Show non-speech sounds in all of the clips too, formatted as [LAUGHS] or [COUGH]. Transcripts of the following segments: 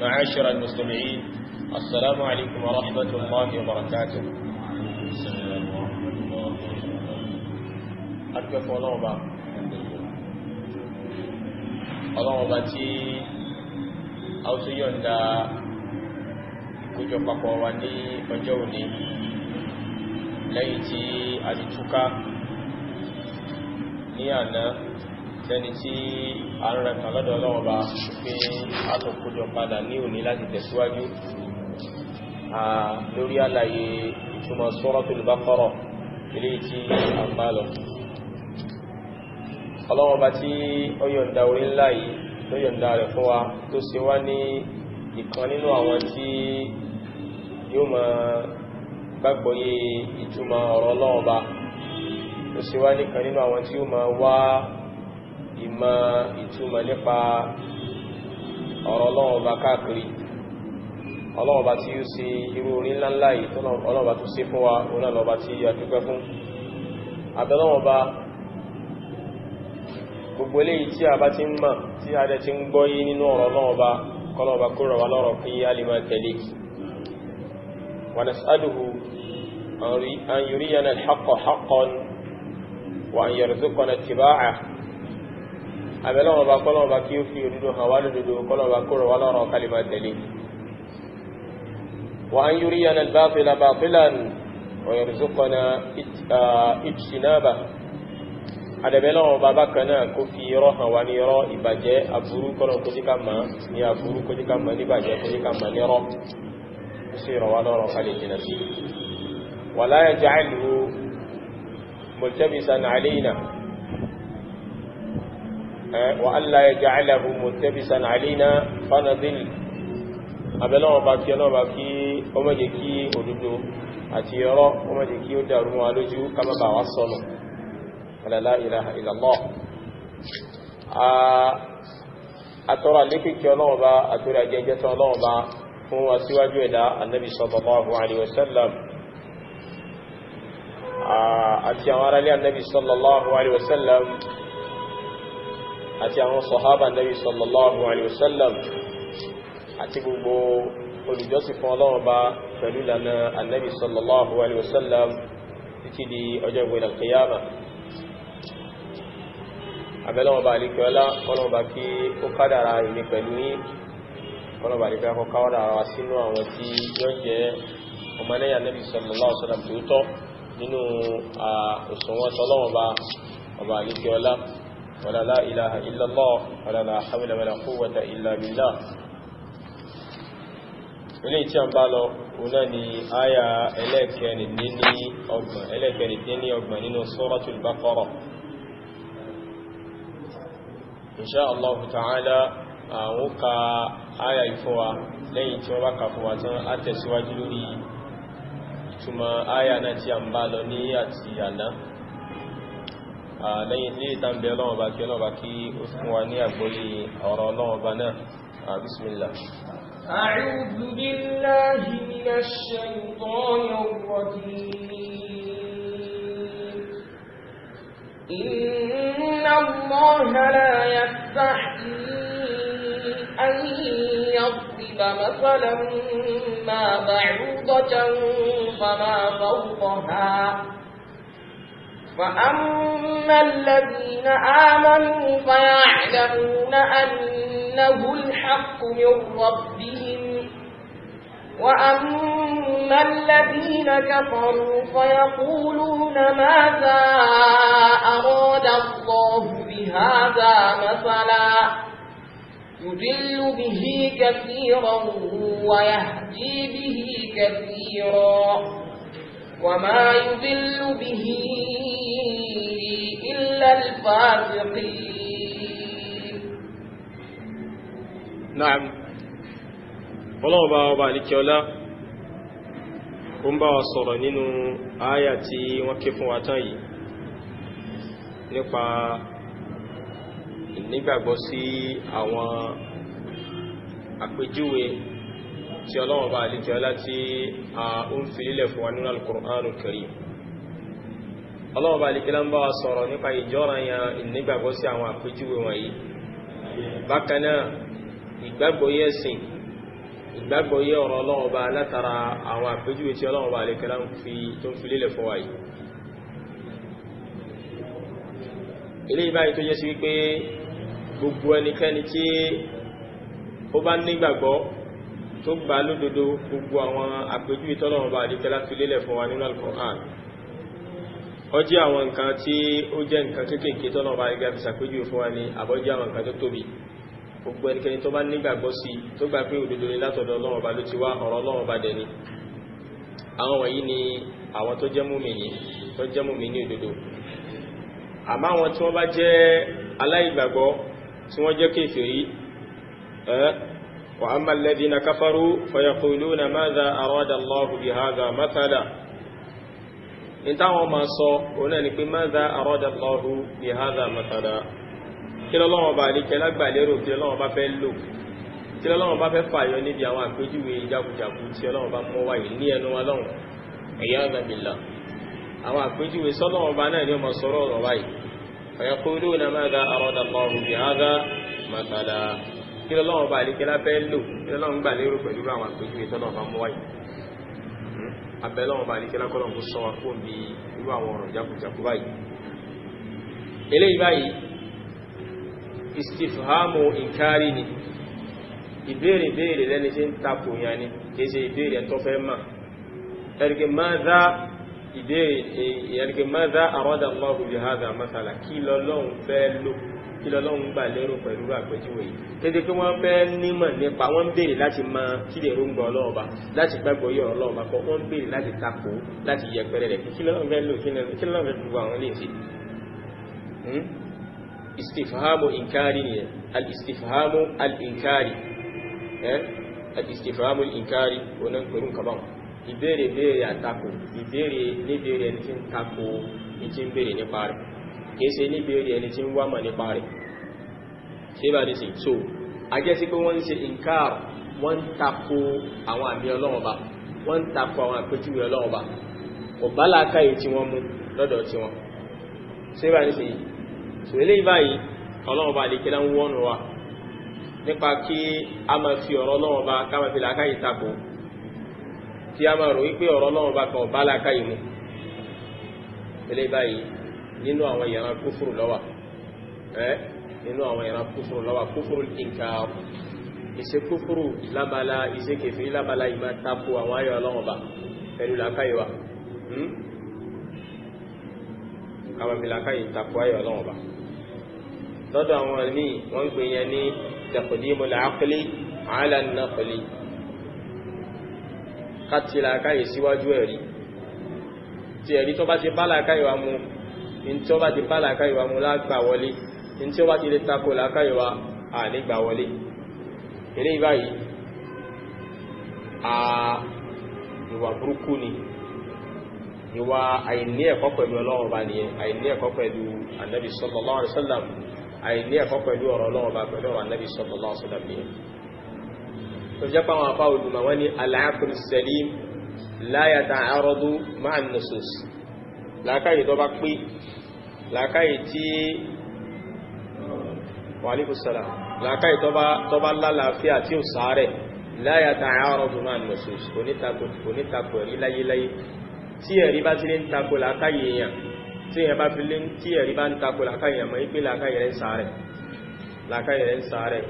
معاشر المستمعين السلام عليكم ورحمة الله وبركاته أرجوك ونوبة ọlọ́wọ́ba tí a ó tún yọ̀nda ìkójọpapọ̀ wa ní ọjọ́ òní lẹ́yìn tí a ti túká ní àná fẹ́ni tí a ń rẹ̀kàn lọ́dọ̀ ọlọ́wọ́ bá pé a tó kójọ padà ní òní láti tẹ̀síwájú lórí àlàyé ìtumọ̀ Suratul Baqara ilé tí a ń bá lọ ọlọ́wọ́ bá tí ó yọ̀ǹda orí ńlá yìí ló yọ̀ǹda rẹ̀ fún wa tó ṣe wá ní ìkan nínú àwọn tí yóò máa gbàgbọ́yé ìtumọ̀ ọ̀rọ̀ ọlọ́wọ́ bá tó ṣe wá ní nínú àwọn tí yóò máa wá ìmọ̀ ìtumọ̀ nípa ọ̀rọ̀ ọlọ́run ọba káàkiri ọlọ́run ọba tí ó ṣe irú orí ńláńlá yìí tó ọlọ́run ọba tó ṣe fún wa ọlọ́run ọba tí a dúpẹ́ fún àbẹ́lọ́run ọba gbogbo eléyìí tí a bá ti ń mọ̀ tí a dẹ̀ ti ń gbọ́ yí nínú ọ̀rọ̀ ọlọ́run àbẹ̀lọ́wọ́ bá kọ́lọ́wọ́ bá kí ó fi òdodo hàn wá lódodo kọ́lọ́wọ́ bá kúrò wá lọ́rọ̀ kalima tẹ̀lé wa an yuriyana al-batila batilan wa yarzuqana ijtinaba àdẹ̀bẹ̀lọ́wọ́ bá bákan náà kó fi irọ́ hàn wá ní irọ́ ìbàjẹ́ aburú kọ́lọ́wọ́ kó jíká mọ́ ní aburú kó jíká mọ́ níbàjẹ́ kó jíká mọ́ ní irọ́ sí irọ́ wá lọ́rọ̀ kalẹ̀ jìnà sí wa وألا يجعله متبسا علينا فنضل abẹ́lọ́wọ́ bá kí ọlọ́wọ́ bá kí ó má jẹ́ kí òdodo àti ọ̀rọ̀ ó má jẹ́ kí ó dàrú wọn lójú ká má bà wá sọnù la ilaha illallah àti àwọn aráalé annabi sallallahu alaihi wasallam àti àwọn sọ̀hábà Nabi sallallahu alaihi wasallam àti gbogbo olùjọ́sìn fún Ọlọ́run bá pẹ̀lú ìlànà annabi sallallahu alaihi wasallam títí di ọjọ́ ìwòlẹ̀ kìyàmà abẹ́lọ́wọ́ bá alikọ́lá kọ́lọ́wọ́ bá kí ó kádàrà ìní pẹ̀lú ní kọ́lọ́wọ́ bá alikọ́lá kọ́kọ́dàrà sínú àwọn tí yóò jẹ́ ولا لا إله إلا الله ولا لا حول ولا قوة إلا بالله ilé tí a ń bá lọ ọ̀nà ni àyà ẹlẹ́kẹrìndínlọ́gbọ̀n nínú Suratul Baqara Insha Allah ta'ala àwọn ka àyà ìfọ́wà lẹ́yìn tí wọ́n bá kà fún wa tán á tẹ̀síwájú lórí ìtumọ̀ àyà náà tí a ń bá lọ ní àti àná lẹ́yìn ilé ìtàbí ọlọ́ọ̀bá kí ọlọ́ọ̀bá kí ó fún wa ní àgbóyí ọ̀rọ̀ ọlọ́ọ̀bá náà bismillah أعوذ بالله من الشيطان الرجيم إن الله لا يستحيي أن يضرب مثلا ما بعوضة فما فوقها فأما الذين آمنوا فيعلمون أنه الحق من ربهم وأما الذين كفروا فيقولون ماذا أراد الله بهذا مثلا يضل به كثيرا ويهدي به كثيرا وما يضل به الفاسقين نعم ọlọ́run bá ọba àníkẹ́ ọlá ó ń bá wa sọ̀rọ̀ nínú àyà tí wọ́n ké fún wa tán yìí nípa ìnígbàgbọ́ sí àwọn àpèjúwe tí ọlọ́run bá àníkẹ́ ọlá tí a ó ń fi lílẹ̀ fún wa nínú Al-Qur'anul ọlọ́wọ́ bá líkẹ́ lọ́nbá wa sọ̀rọ̀ nípa ìjọ́ranyàn ìnígbàgbọ́ sí àwọn àpéjúwe wọ̀nyí bákan náà ìgbàgbọ́yé ẹ̀sìn ìgbàgbọ́yé ọ̀rọ̀ ọlọ́wọ́ bá látara àwọn àpéjúwe tí ọlọ́wọ́ bá líkẹ́ lọ́n fi tó fi lélẹ̀ fún wáyé ilé ìbáyìí tó jẹ́ sí wípé gbogbo ẹnikẹ́ni fi lélẹ̀ fún ó jẹ́ àwọn nǹkan tí ó jẹ́ nǹkan ọba fún wa ní àbọ́jẹ́ àwọn nǹkan tó tóbi gbogbo ẹnikẹ́ni tó bá nígbàgbọ́ sí tó gbà pé ni látọ̀dọ̀ ọlọ́run ló ti wá ọ̀rọ̀ ọlọ́run dẹ̀ ni àwọn wọ̀nyí ni àwọn tó jẹ́ mùmínì tó jẹ́ mùmínì òdodo àmọ́ àwọn tí wọ́n bá jẹ́ aláìgbàgbọ́ tí wọ́n jẹ́ ìtawọn ma sọ òun náà ni pé mada arada Allahu bi hadha matala kí lọ́wọ́ bá lè kẹ lágbàlérò kí lọ́wọ́ bá fẹ́ lò kí lọ́wọ́ bá fẹ́ fàyọ níbi àwọn àpéjúwe jákujàku tí ọlọ́wọ́ bá mọ́ wáyé ní ẹnu wa lọ́wọ́ ẹ̀yà àgbàbìlà àwọn àpéjúwe sọ́lọ́wọ́ bá náà ni ó ma ọ̀rọ̀ فيقولون ماذا أراد الله بهذا مثلا kí lọ́wọ́ bá lè kẹ lábẹ́ lò kí lọ́wọ́ gbà lérò pẹ̀lú àwọn àpéjúwe sọ́lọ́wọ́ wáyé abẹ́lọ́wọ̀n bá ní kílá kọ́lọ̀ kó sọ wa kó ń bí irú àwọn ọ̀rọ̀ jákùjákù báyìí eléyìí báyìí istifhamu inkari ni ìbéèrè ìbéèrè lẹ́ni tí ń tapò yà ni kìí ṣe ìbéèrè tó fẹ́ mà ẹ̀rìkì ìbéèrè ẹ̀rìkì àrọ́dà Allahu masala kí lọ́lọ́run fẹ́ lò kí lọ́lọ́run gbà lérò pẹ̀lú àpẹjúwe yìí kéde pé wọ́n fẹ́ nímọ̀ nípa wọ́n ń béèrè láti mọ kí lè róńgbà ọlọ́ọ̀ba láti gbàgbọ́ yọ̀ ọlọ́ọ̀ba kọ́ wọ́n ń béèrè láti takò láti yẹpẹrẹ rẹ̀ kí lọ́lọ́run fẹ́ lò kí lọ́lọ́run fẹ́ gbogbo àwọn ilé ìsìn hmm? istifhamu inkari ne al-istifhamu al-inkari eh? al-istifhamu al-inkari wannan kurun kaban ìbéèrè béèrè àtakò ìbéèrè níbéèrè ẹni tí takò ní tí ń nípa rẹ̀ kìí ṣe níbi orí ẹni tí ń wá mà nípa rẹ̀ ṣe bá nìsìn so a jẹ́ sí pé wọ́n ń ṣe inkar wọ́n ń tako àwọn àmì Ọlọ́run Ọba wọ́n ń tako àwọn àpèjúwe Ọlọ́run Ọba kò bá làákàyè tí wọ́n mú lọ́dọ̀ tí wọ́n ṣe bá nìsìn so eléyìí báyìí Ọlọ́run Ọba lè kíra ń wọ́nu wa nípa kí a máa fi ọ̀rọ̀ Ọlọ́run Ọba ká máa fi làákàyè tako kí a máa rò wípé ọ̀rọ̀ Ọlọ́run Ọba kan ò bá làákàyè mu eléyìí báyìí nínú àwọn ìran kúfùrù lọ́wà ẹ́ nínú àwọn ìran kúfùrù lọ́wà kúfùrù ìkà ìṣe kúfùrù lábala ìṣe kèfì lábala ìmá tapu àwọn ayọ̀ ọlọ́wọ̀ba pẹ̀lú làkáyíwa àwọn hmm? ìlàkáyí tapu ayọ̀ ọlọ́wọ̀ba lọ́dọ̀ àwọn ní wọ́n gbé yẹn ní taqdimul aqli ala an-naqli kátìlàkáyí síwájú ẹ̀rí tí ẹ̀rí tó bá ti bá làkáyíwa mú ntí ó bá ti bá làákàyè wa mu lágbà wọlé ntí ó bá ti lè takò làákàyè wa àlégbà wọlé eléyìí báyìí ìwà burúkú ni ìwà àìní ẹ̀kọ́ pẹ̀lú ọlọ́run bá nìyẹn àìní ẹ̀kọ́ pẹ̀lú anabi sallallahu alaihi wasallam àìní ẹ̀kọ́ pẹ̀lú ọ̀rọ̀ ọlọ́run bá pẹ̀lú ọ̀rọ̀ anabi sallallahu alaihi wasallam nìyẹn làákàyè tó bá pé làákàyè tí wàlíkùsára làákàyè tó bá lálàáfíà tí ò sáré láyà tààrọ̀ tó máa nọ̀sùs onítàkò ẹ̀rí láyéláyé tí ẹ̀rí bá ti lé ń takò làákàyè èèyàn tí ẹ̀rí bá fi lé tí ẹ̀rí bá ń takò làákàyè èèyàn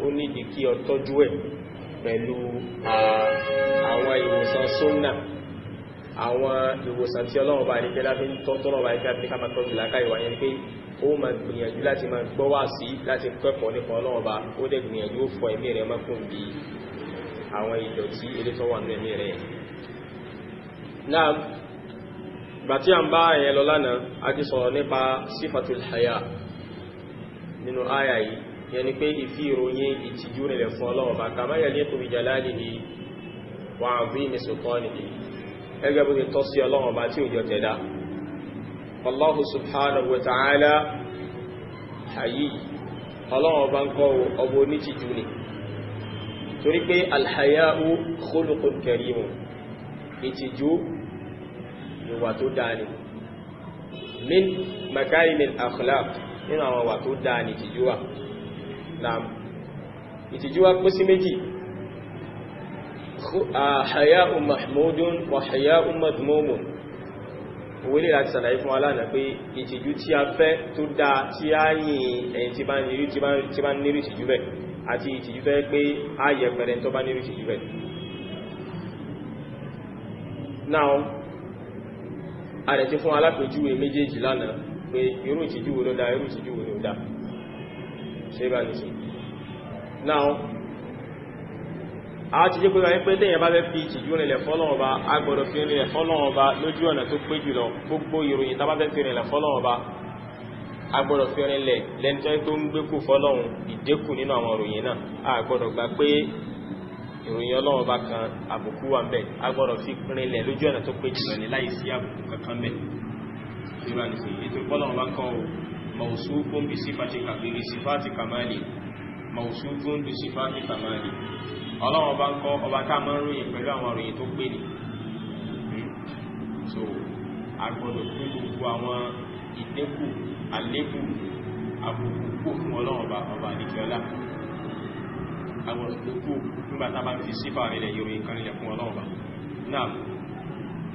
mọ̀ pẹ̀lú àwọn ìwòsàn sunnah àwọn ìwòsàn tí ọlọ́run bá ní pé láti ń tọ́tọ́rọ̀ bá nígbà bí káàmà tọ́jú láká ìwà yẹn ni pé ó ma gbìyànjú láti máa gbọ́ wá sí láti kẹ́kọ̀ọ́ nípa ọlọ́run bá ó dẹ̀ gbìyànjú ó fọ ẹ̀mí rẹ̀ mọ́kùn bí àwọn ìdọ̀tí ilé tó wà nínú ẹ̀mí rẹ̀ náà gbà tí a ń bá ẹ̀yẹ lọ lánàá a ti sọ̀rọ̀ nípa sífatul haya nínú àyà yìí yẹn ni pé ìfi ìròyìn ìtìjú rẹ̀ fún ọlọ́run bá kàmáyà ní kòmìjà láàrin wa àbí ìmẹ̀sùn kọ́ nìyí ẹgbẹ́ bó ti tọ́ sí ọlọ́run ọba tí òjò tẹ̀dá Allahu subhanahu wa ta'ala hayy ọlọ́run ọba ń kọ́ ọbọ̀ onítìjú ni torí pé alhaya'u khuluqun karim ìtìjú ìwà tó dáa ni min akhlaq nínú àwọn ìwà tó dáa ìtìjú wà ìtìjú wà pín sí méjì Uh, haya'un mahmudun wa haya'un madmumun wílé láti sàlàyé fún aláàrẹ pé ìtìjú tí a fẹ́ tó dá tí a yìn ẹ̀yìn tí bá ń nírí ìtìjú bẹ̀ àti ìtìjú fẹ́ pé a yẹ pẹ̀rẹ̀ tó bá nírí ìtìjú bẹ̀. now a rẹ̀ ti fún alápẹjúwe méjèèjì lánàá pé irú ìtìjú wo ló dá irú ìtìjú wo ló dá ṣe bá nìsí now a ti jẹ́ pẹ́lú pé tẹ́yẹ bá fẹ́ fi ìtìjú rìnlẹ̀ fọ́lọ́ọ̀ba a gbọ́dọ̀ fi rìnlẹ̀ fọ́lọ́ọ̀ba lójú ọ̀nà tó pé jùlọ gbogbo ìròyìn tá bá fẹ́ fi rìnlẹ̀ fọ́lọ́ọ̀ba a gbọ́dọ̀ fi rìnlẹ̀ lẹ́ntọ́ tó ń gbékù fọ́lọ́hun ìdẹ́kù nínú àwọn ìròyìn náà a gbọ́dọ̀ gbà pé ìròyìn ọlọ́run bá kan àbùkù wà ń bẹ̀ a gbọ́dọ̀ fi rinlẹ̀ lójú ọ̀nà tó pé jùlọ ní láì sí fún bí sífàtì kàmálì ọlọ́run ọba ń kọ́ ọba tá a máa ròyìn pẹ̀lú àwọn ròyìn tó pé ni hmm. so a gbọ́dọ̀ fún gbogbo àwọn ìdẹ́kù àlékù àbùkù fún ọlọ́run ọba ọba àdìkẹ́ọ́lá àwọn ìdẹ́kù nígbà tá a bá fi sífà rẹ̀ yorùn kan ilẹ̀ fún ọlọ́run ọba náà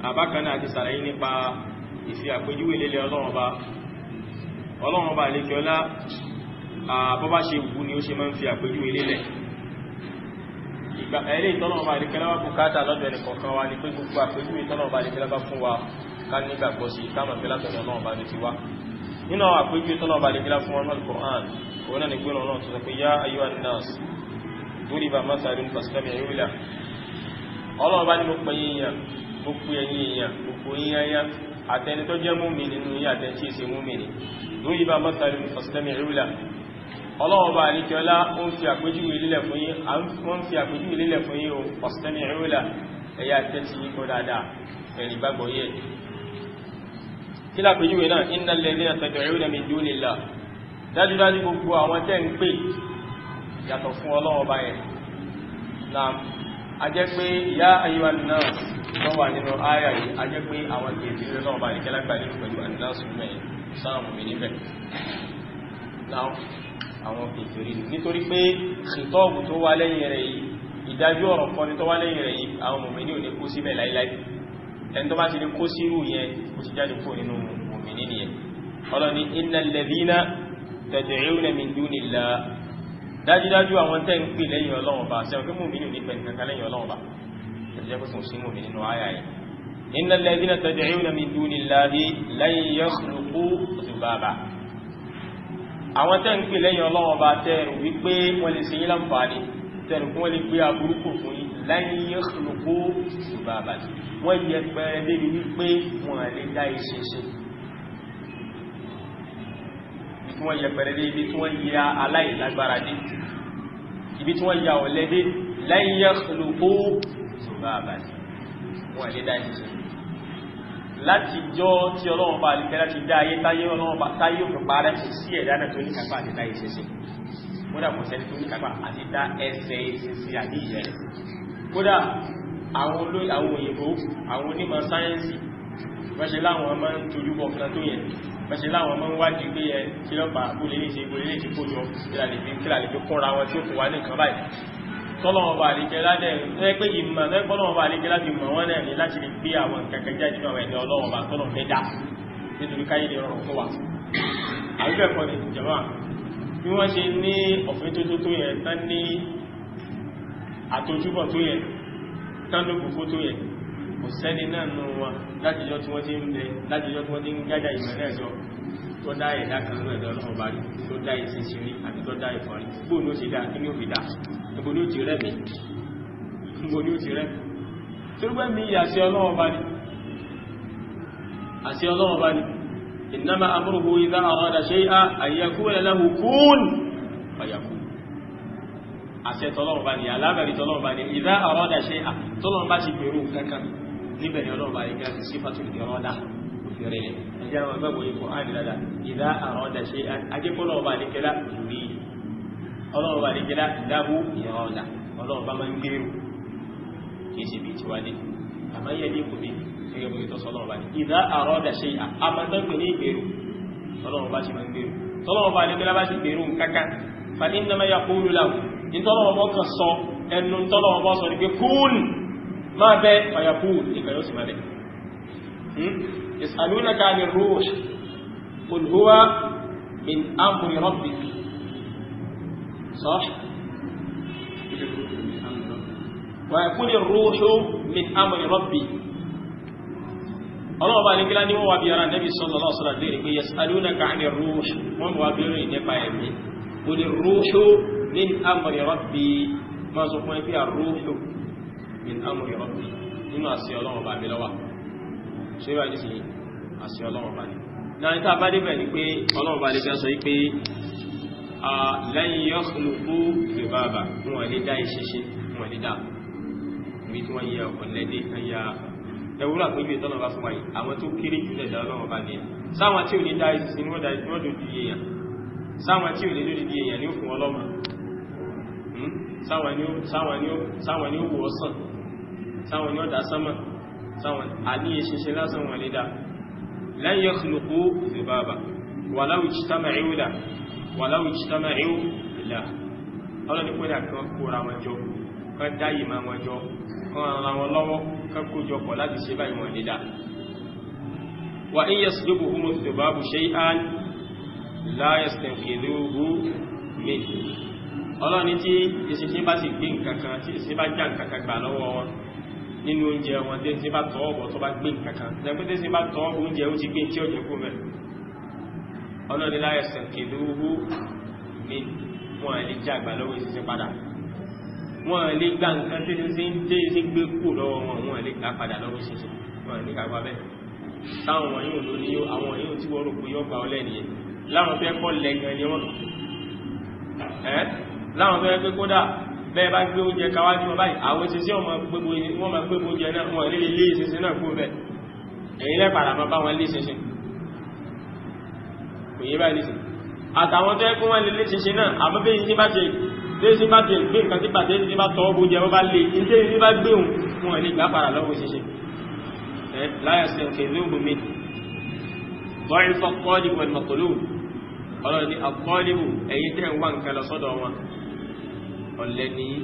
àbákan náà ti sàlàyé nípa ìfi àpéjúwé lélẹ̀ ọlọ́run ọba ọlọ́run ọba àdìkẹ́ọ́lá ṣe wù ni ó ṣe máa ń fi àpéjúwé lélẹ̀ ẹ̀rí ìtọ́lọ́ọ̀bá àdìkẹ́lá wá bùkátà lọ́dọ̀ ẹnì kọ̀ọ̀kan wa ni pé gbogbo àpéjú ìtọ́lọ́ọ̀bá àdìkẹ́lá bá fún wa ká nígbàgbọ́ sí káàmà pé látọ̀dọ̀ ọlọ́ọ̀bá ni ti wá nínú àwọn àpéjú ìtọ́lọ́ọ̀bá àdìkẹ́lá fún wọn lọ́dọ̀ Qur'an òun náà ni gbé ọ̀nà tó sọ pé yá ayúwa ọlọ́ọ̀bá àríkẹ́ọlá ó ń fi àpéjúwé lílẹ̀ fún yín ó ń fi àpéjúwé lílẹ̀ fún yín o ọ̀sẹ̀mì ìrìnlá ẹ̀yà tẹ́tì yí kó dáadáa ẹ̀rì gbàgbọ́ yẹ kí lápéjúwé náà iná lẹ́lẹ́ àtẹ̀bẹ̀rẹ̀ mi dúnilá dájúdájú gbogbo àwọn tẹ́ ń pè yàtọ̀ fún ọlọ́ọ̀bá yẹn na a jẹ́ pé ìyá ayúwa náà wọ́n wà nínú áyà yìí a jẹ́ pé àwọn kèèkì rẹ̀ náà bá àwọn kèfèrí nítorí pé ṣìtọ́ọ̀bù tó wá lẹ́yìn rẹ̀ yìí ìdájú ọ̀rọ̀ kọni tó wá lẹ́yìn rẹ̀ yìí àwọn mòmìnì ò ní kó síbẹ̀ láíláí ẹni tó bá ti lè kó sírù yẹn kó ti jáde kó nínú mòmìnì nìyẹn ọlọ́ni innal ladhina tad'una min dunillah dájúdájú àwọn tẹ́ ń pè lẹ́yìn ọlọ́run bá sẹ́wọ̀n pé mòmìnì ò ní pẹ̀lú kankan lẹ́yìn ọlọ́run bá àwọn tẹ́ ń pè lẹ́yìn ọlọ́wọ́ bá tẹ́rù wípé wọ́n lè ṣe yín láǹfààní tẹ́rù kún wọ́n lè gbé aburúkú fún yín láyín yẹ́kùnlókó ṣùgbà àbàtì wọ́n yẹ pẹ́rẹ débi wípé wọ́n lè dá iṣẹ́ ṣe ibi tí wọ́n yẹ pẹ́rẹ dé ibi tí wọ́n yẹ aláìlágbára dé ibi tí wọ́n yà ọ̀lẹ́ dé láyín yẹ́kùnlókó ṣùgbà àbàtì wọ́n lè dá iṣẹ́ ṣe láti jọ tí ọlọ́run bá lè kẹ́lá ti dá ayé táyé ọlọ́run bá táyé òfin parẹ́ kò sí ẹ̀dá náà tó ní kápá àti dá ìṣẹ́ṣẹ́ kódà kò sẹ́ni tó ní kápá àti dá ẹsẹ̀ ìṣẹ́ṣẹ́ àbí ìyẹ́ rẹ̀ kódà àwọn olóyè àwọn òyìnbó àwọn onímọ̀ sáyẹ́ǹsì bẹ́ṣe láwọn ọmọ ń tojú bọ̀ fún tó yẹn bẹ́ṣe láwọn ọmọ ń wádìí pé ẹ kí lọ́pàá kó lè ní ṣe kó lè ní ṣe kó jọ kí tọ́lọ́wọ́ba àríkẹ́ ládẹ̀ rẹ̀ pé ìmọ̀ tọ́lọ́wọ́ba àríkẹ́ láti mọ̀ wọ́n náà ní láti lè gbé àwọn kẹ̀kẹ́ jẹ́ nínú àwọn ẹ̀dẹ̀ ọlọ́wọ́ba tọ́lọ̀ mẹ́dá nítorí káyé lè rọrùn fún wa àríkẹ́kọ́ ni jẹ́mà bí wọ́n ṣe ní ọ̀fẹ́ tó tó tó yẹ tán ní àtọ́júbọ̀ tó yẹ tán ló gbogbo tó yẹ kò sẹ́ni náà nù wọn tó dá ẹ̀dá kan ní ẹ̀dọ́ ọlọ́run bá rí tó dá ìsinsin rí àti tó dá ìfọ̀ rí bó ní ó ṣe dá kí ní ó fi dá níbo ní ó ti rẹ́ mi níbo ní ó ti rẹ́ mi torípé mi ọlọ́run bá ní àti ọlọ́run bá ní arada shay'an an yaqula lahu kun fayakun àṣẹ tọ́lọ́run bá ní arada shay'an tọ́lọ́run bá ti gbèrú kankan níbẹ̀ ni ọlọ́run bá ní fi rẹ̀ ẹjẹ́ àwọn ẹgbẹ́gbọ̀ ikọ̀ àìdàdà ìdá àwọn ọ̀dà ṣe ajẹ́kọ́lọ̀ ọba àdékẹ́lá ìlúrí ọlọ́run ọba àdékẹ́lá ìdábò ìran ọ̀dà ọlọ́run bá máa ń gbèrú kìí ṣe bíi tiwálé àmọ́ yẹ ní kò bí gẹ́gẹ́ bó ìtọ́sọ ọlọ́run ọba ìdá àwọn ọ̀dà ṣe àmọ́tọ́gbẹ̀ ní ìgbèrú ọlọ́run ọba ṣe máa ń gbèrú tọ́lọ́run ọba àdékẹ́lá bá ṣe gbèrú nǹkankan fa innama yaqulu lahu ìtọ́lọ́run ọba kan sọ ẹnu tọ́lọ́run ọba sọ ní pé kúùn máa bẹ́ fàyàkúùn ìkàyọ́sì máa bẹ́ hmm? يسألونك عن الروح قل هو من أمر ربك صح ويقول الروح من أمر ربي ọlọ́wọ́ bá ní kílá ní wọ́n wà bí ara nẹ́bí sallallahu alaihi wasallam lérí pé yasalunaka ani ruh wọ́n wà bí rìn nípa ẹ̀mí kò ní ruhu min amri rabbi máa sọ fún ẹgbẹ́ ruhu min amri rabbi nínú àṣẹ ọlọ́wọ́ bá mi lọ́wọ́ àṣẹ ọlọ́run bá ní náà níta bá débẹ̀ ni pé ọlọ́run bá lè fẹ́ sọ pé lẹ́yìn yọ́kùnlùkú rìbáàbà wọn lè dá ìṣẹ́ṣẹ́ wọn lè dá ibi tí wọ́n yẹ ọ̀lẹ́dẹ̀ kan ya ẹwúrà pé ibi ìtọ́nà bá fún wa yìí àwọn tó kéré jù lẹ̀dá ọlọ́run bá ní sáwọn tí ò ní ni wọ́n dojú èèyàn sáwọn tí ò lè dojú èèyàn ni ó fún ọlọ́mọ hmm? sáwọn ni ó wọ́ sàn sáwọn ni dá sánmà sáwọn àníyèṣinṣin lásán wọn lè dá lan yakhluqu dhibaba walau ijtama'u la walau ijtama'u la ọlọ́ni kódà kan kóra wọn jọ kan dá ìmọ̀ wọn jọ kan ara wọn lọ́wọ́ kan kójọ pọ̀ láti ṣe báyìí wọn nídà wa in yaslubuhum dhibabu shay'an la yastanqidhuhu min ọlọ́ni tí ìṣinṣin bá ti gbé nǹkan kan tí ìṣinṣin bá já nǹkan kan gbà lọ́wọ́ wọn nínú oúnjẹ wọn tí tí bá tọ́ ọ̀bọ̀ tó bá gbé kankan lẹ́gbẹ́ tí tí bá tọ́ ọ̀bọ̀ oúnjẹ ó ti gbé tí ọ̀jẹ́ kú mẹ́ ọlọ́dínlá ẹ̀sẹ̀ kèlú owó ní wọn lè jẹ́ àgbà lọ́wọ́ ìsinsin padà wọn lè gba nǹkan tí tí tí tí gbé kú lọ́wọ́ wọn wọn lè gbà padà lọ́wọ́ ìsinsin wọn lè láwọn fẹ́ kọ́ lẹ́gàn ni wọ́n láwọn fẹ́ pé kódà bẹ́ẹ̀ bá gbé oúnjẹ káwá ní ọba àwọn ìṣẹ́sí wọ́n ma gbé oúnjẹ náà wọ́n lè lè ìṣẹ́sí náà kú bẹ̀ èyí lẹ́pàdà ma bá wọn lè ṣẹ́ṣẹ́ kò yé báyìí sí àtàwọn tó ẹkún wọn lè lè ṣẹ́ṣẹ́ náà àbúbẹ́ yìí bá ṣe lẹ́sí bá ṣe gbé nǹkan tí bàtẹ́ ti bá tọ́ oúnjẹ wọn bá lè ilé yìí bá gbé òun wọn lè gbà padà lọ́wọ́ ṣẹ́ṣẹ́ láyàsẹ̀ kẹlógún mi bọ́ìfọ́ kọ́ọ̀lì wọn mọ̀kòló ọlọ́ni àkọ́ọ̀lì ẹ̀yìn tẹ́ ń wá nǹkan lọ sọ́dọ̀ wọn ọ̀lẹ nìyí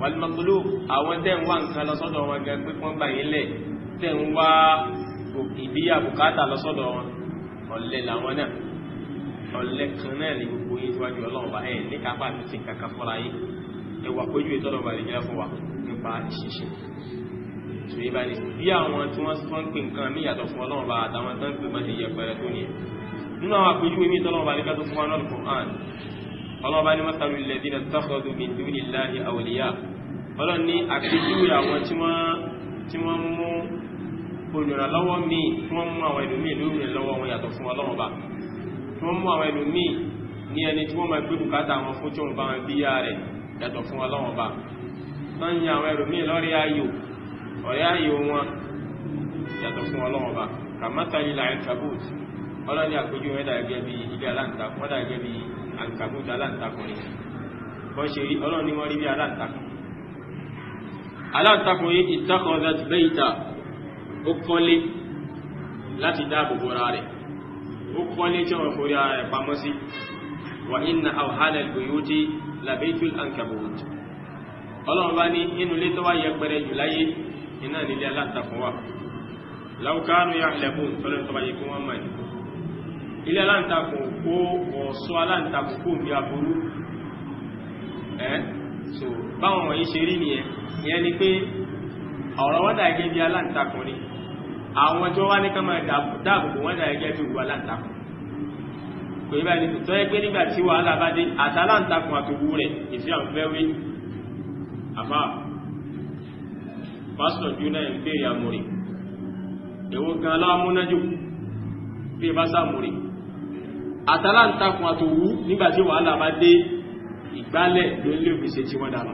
wàlúmọ̀gbọ́lù àwọn tẹ́ ń wá nǹkan lọ́sọ́dọ̀ wọn gan pé wọ́n gbà yín lẹ̀ tẹ́ ń wá ìbíyà bùkátà lọ́sọ́dọ̀ wọn ọ̀lẹ làwọn náà ọ̀lẹ kan náà ní gbogbo yín síwájú ọlọ́run bá ẹ̀ ní kápá àti tí kankan fọ́ra yín ẹwà péjú ìtọ́lọ̀ bàlẹ̀ jẹ́ fún wa nípa ìṣiṣẹ́ tó yé báyìí bí àwọn tí wọ́n ń pè nǹkan mí yàtọ̀ fún ọlọ́run bá àtàwọn tó ń pè mọ́ ti yẹ pẹrẹ tó nìyẹn nínú àwọn àpèjúwe mí ìtọ́lọ̀ bàlẹ̀ jẹ́ tó fún wa náà lọ́dún ọlọ́ba ní mọ́tàlú ilẹ̀ dínà tọ́kọ̀dù min dúnì láàrin àwòlíyà ọlọ́run ní àpéjúwe àwọn tí wọ́n mú olùrànlọ́wọ́ míì tí wọ́n mú àwọn ẹlòmíì lórí ìrànlọ́wọ́ wọn yàtọ̀ fún ọlọ́run bá tí wọ́n mú àwọn ẹlòmíì ní ẹni tí wọ́n máa gbé bùkátà àwọn fún tí wọ́n bá wọn bíyà rẹ̀ yàtọ̀ fún ọlọ́run bá tán yin àwọn ẹlòmíì lọ́rí ayò ọ̀rẹ́ ayò wọn yàtọ̀ fún àǹkàbútà aláǹtakùn rí bọ́ ṣe rí ọlọ́run ni wọ́n rí bí aláǹtakùn aláǹtakùn yìí ittakhadhat bayta ó kọ́lé láti dáàbò bóra rẹ̀ ó kọ́lé tí wọ́n forí ara rẹ̀ pamọ́ sí wa inna awhana al-buyuti la baytul ankabut ọlọ́run bá ní inú ilé tó wá yẹpẹrẹ jù láyé iná nílé aláǹtakùn wà law kanu ilé aláǹtakùn kó ọ̀ṣọ́ aláǹtakùn kó ní aburú ẹ́ so báwọn wọ̀nyí ṣe rí nìyẹn ìyẹn ni pé ọ̀rọ̀ wọ́n dàgẹ́ bí aláǹtakùn ni àwọn tó wá ní ká máa dáàbòbò wọ́n dàgẹ́ bí òwú aláǹtakùn kò yí báyìí tó yẹ pé nígbà tí wàhálà bá dé àtàláǹtakùn àtòwú rẹ̀ ìsì àwọn fẹ́ wí àmà pásítọ̀ júnà ìbéèrè àmúrè èwo gan aláwọ̀ múnájú bí ìbá sàmúrè àtàláǹtakùn àtòwú nígbàtí wàhálà bá dé ìgbálẹ̀ ló ń lè fi ṣe tí wọ́n dára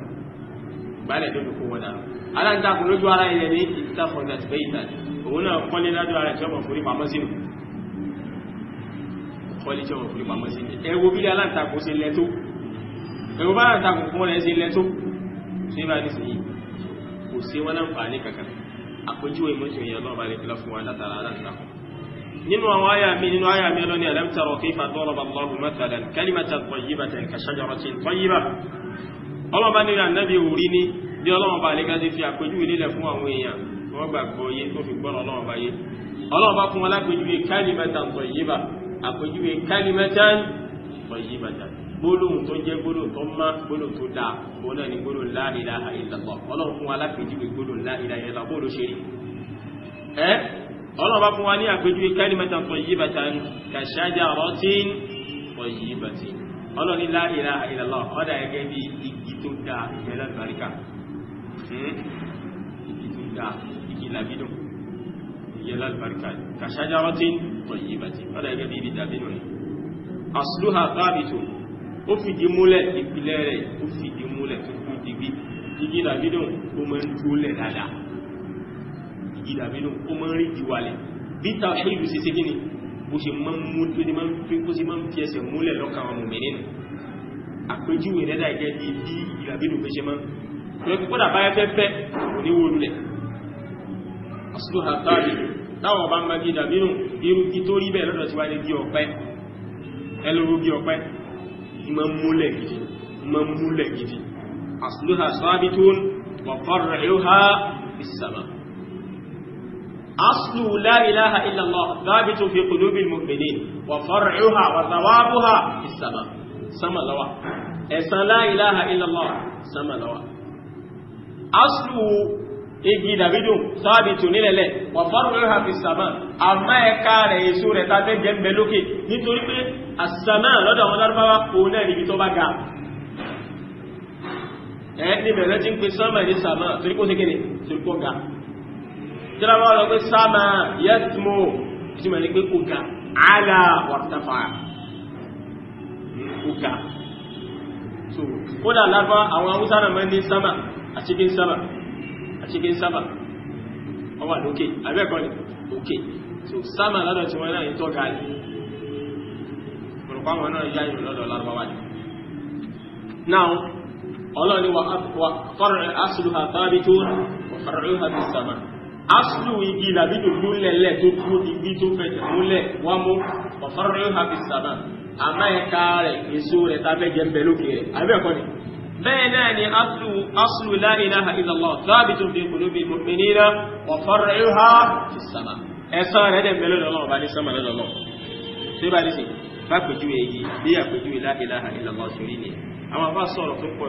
ìgbálẹ̀ ló ń kó wọ́n dára aláǹtakùn lójú ara ilẹ̀ ní ìtàkùn àti bẹ́ẹ̀ ìtàn òun náà kọ́lé lájú ara ìjọba fún ìpamọ́ sínú kọ́lé ìjọba fún ìpamọ́ sínú ẹ wo bí aláǹtakùn ṣe lẹ tó ẹ wo bá aláǹtakùn fún ẹ ṣe lẹ sí wọn nínú àwọn àyà mi nínú àyà mi ọlọ́ni alam tara kayfa daraba Allahu mathalan kalimatan tayyibatan ka shajaratin tayyibah ọlọ́ba ní ànábì òrí ní bí ọlọ́ba àlégá ti fi àpèjúwe lélẹ̀ fún àwọn èèyàn wọ́n gbàgbọ́ yé tó fi gbọ́nà ọlọ́ba yé ọlọ́ba fún wọn lápèjúwe kalimatan tayyibah àpèjúwe kalimatan tayyibatan gbólóhùn tó jẹ́ gbólóhùn tó má gbólóhùn tó dáa òun náà ni gbólóhùn la ilaha illallah ọlọ́run fún wa lápèjúwe gbólóhùn la ilaha illallah bóòlù ṣe ọlọ́run bá fún wa ní àpèjúwe kalimatan tayyibatan ka shajaratin tayyibatin ọlọ́run ní la ilaha illallah ọ̀dà gẹ́gẹ́ bí igi tó da ìgbẹ́lẹ̀ àlùbáríkà hmm? igi tó da igi làbídùn ìgbẹ́lẹ̀ àlùbáríkà ka shajaratin tayyibatin ọ̀dà gẹ́gẹ́ bí ibi dàbínú ni asluha thabitun ó fìdí múlẹ̀ ìpìlẹ̀ rẹ̀ ó fìdí múlẹ̀ tó kú digbí igi làbídùn ó máa ń dúró dáadáa igi dàbínú ó mọ́ rí ìwàlẹ̀ bí tàwíìdù sí síkíní bó ṣe máa ń fi ẹsẹ̀ múlẹ̀ lọ́kàn àwọn mòmìnínú àpéjúwe rẹ́dà gẹ́ bí bí ìràbínú fẹ́ ṣe máa lọ́pọ̀dà báyẹ́ fẹ́fẹ́ oníwòlulẹ̀ gidi ìmọ̀ múlẹ̀ gidi ọ̀sùlù àtàrí tó ń wọ̀pọ̀ أصل لا إله إلا الله ثابت في قلوب المؤمنين وفرعها وثوابها في السماء سما لوا أصل لا إله إلا الله سما لوا أصل igi davidu sáàbìtù nílẹ̀lẹ̀ wà fọ́rùn-ún fi sàmà àmá ẹ̀ká rẹ̀ èso rẹ̀ tàbí jẹ́mbẹ̀ lókè nítorí pé àsàmà lọ́dọ̀ àwọn lárúbáwá òun náà níbi tó bá ga ẹ̀ níbẹ̀rẹ̀ tí ń pe sàmà ní sàmà torípò sí kéde torípò ga jẹ́rọ̀bá lọ pé sáàmà yẹ́tùmọ̀ ìtumọ̀ ní pé ọ̀gá àlà wàtàfà ọ̀gá so kódà lábá àwọn haúsá náà mẹ́rin sáàmà àṣíkín sáàmà àṣíkín sáàmà ọwà lókè abẹ́ẹ̀kọ́ ni òkè so sáàmà lọ́dọ̀ tí wọ́n náà ń tọ́ka ní olùkọ́ náà yá ìrìn lọ́dọ̀ lárúbáwá ni now ọlọ́ni wa fọ́rọ̀ asùlùhà tábítún wa fọ́rọ̀ aslu igi làbídò múlẹ̀lẹ̀ tó dúró igi tó fẹsẹ̀ múlẹ̀ wọ́n mú ọ̀fọ́rọ́ hafi sàmà àmọ́ ẹ̀ka rẹ̀ èso rẹ̀ tá bẹ́ẹ̀ jẹ́ ń bẹ lókè rẹ̀ àbẹ́ẹ̀kọ́ ni. bẹ́ẹ̀ náà ni aslu aslu la ilaha illallah thabitun fi qulubi mu'minina ọ̀fọ́rọ́ ha fi sàmà ẹ̀sán rẹ̀ dẹ̀ mẹ́lẹ̀ lọ́wọ́ ọba ní sàmà lọ́wọ́ ṣé bá nísìn bá pèjúwe igi bí àpèjúwe la ilaha illallah sórí ni àwọn afá sọ̀rọ̀ tó pọ̀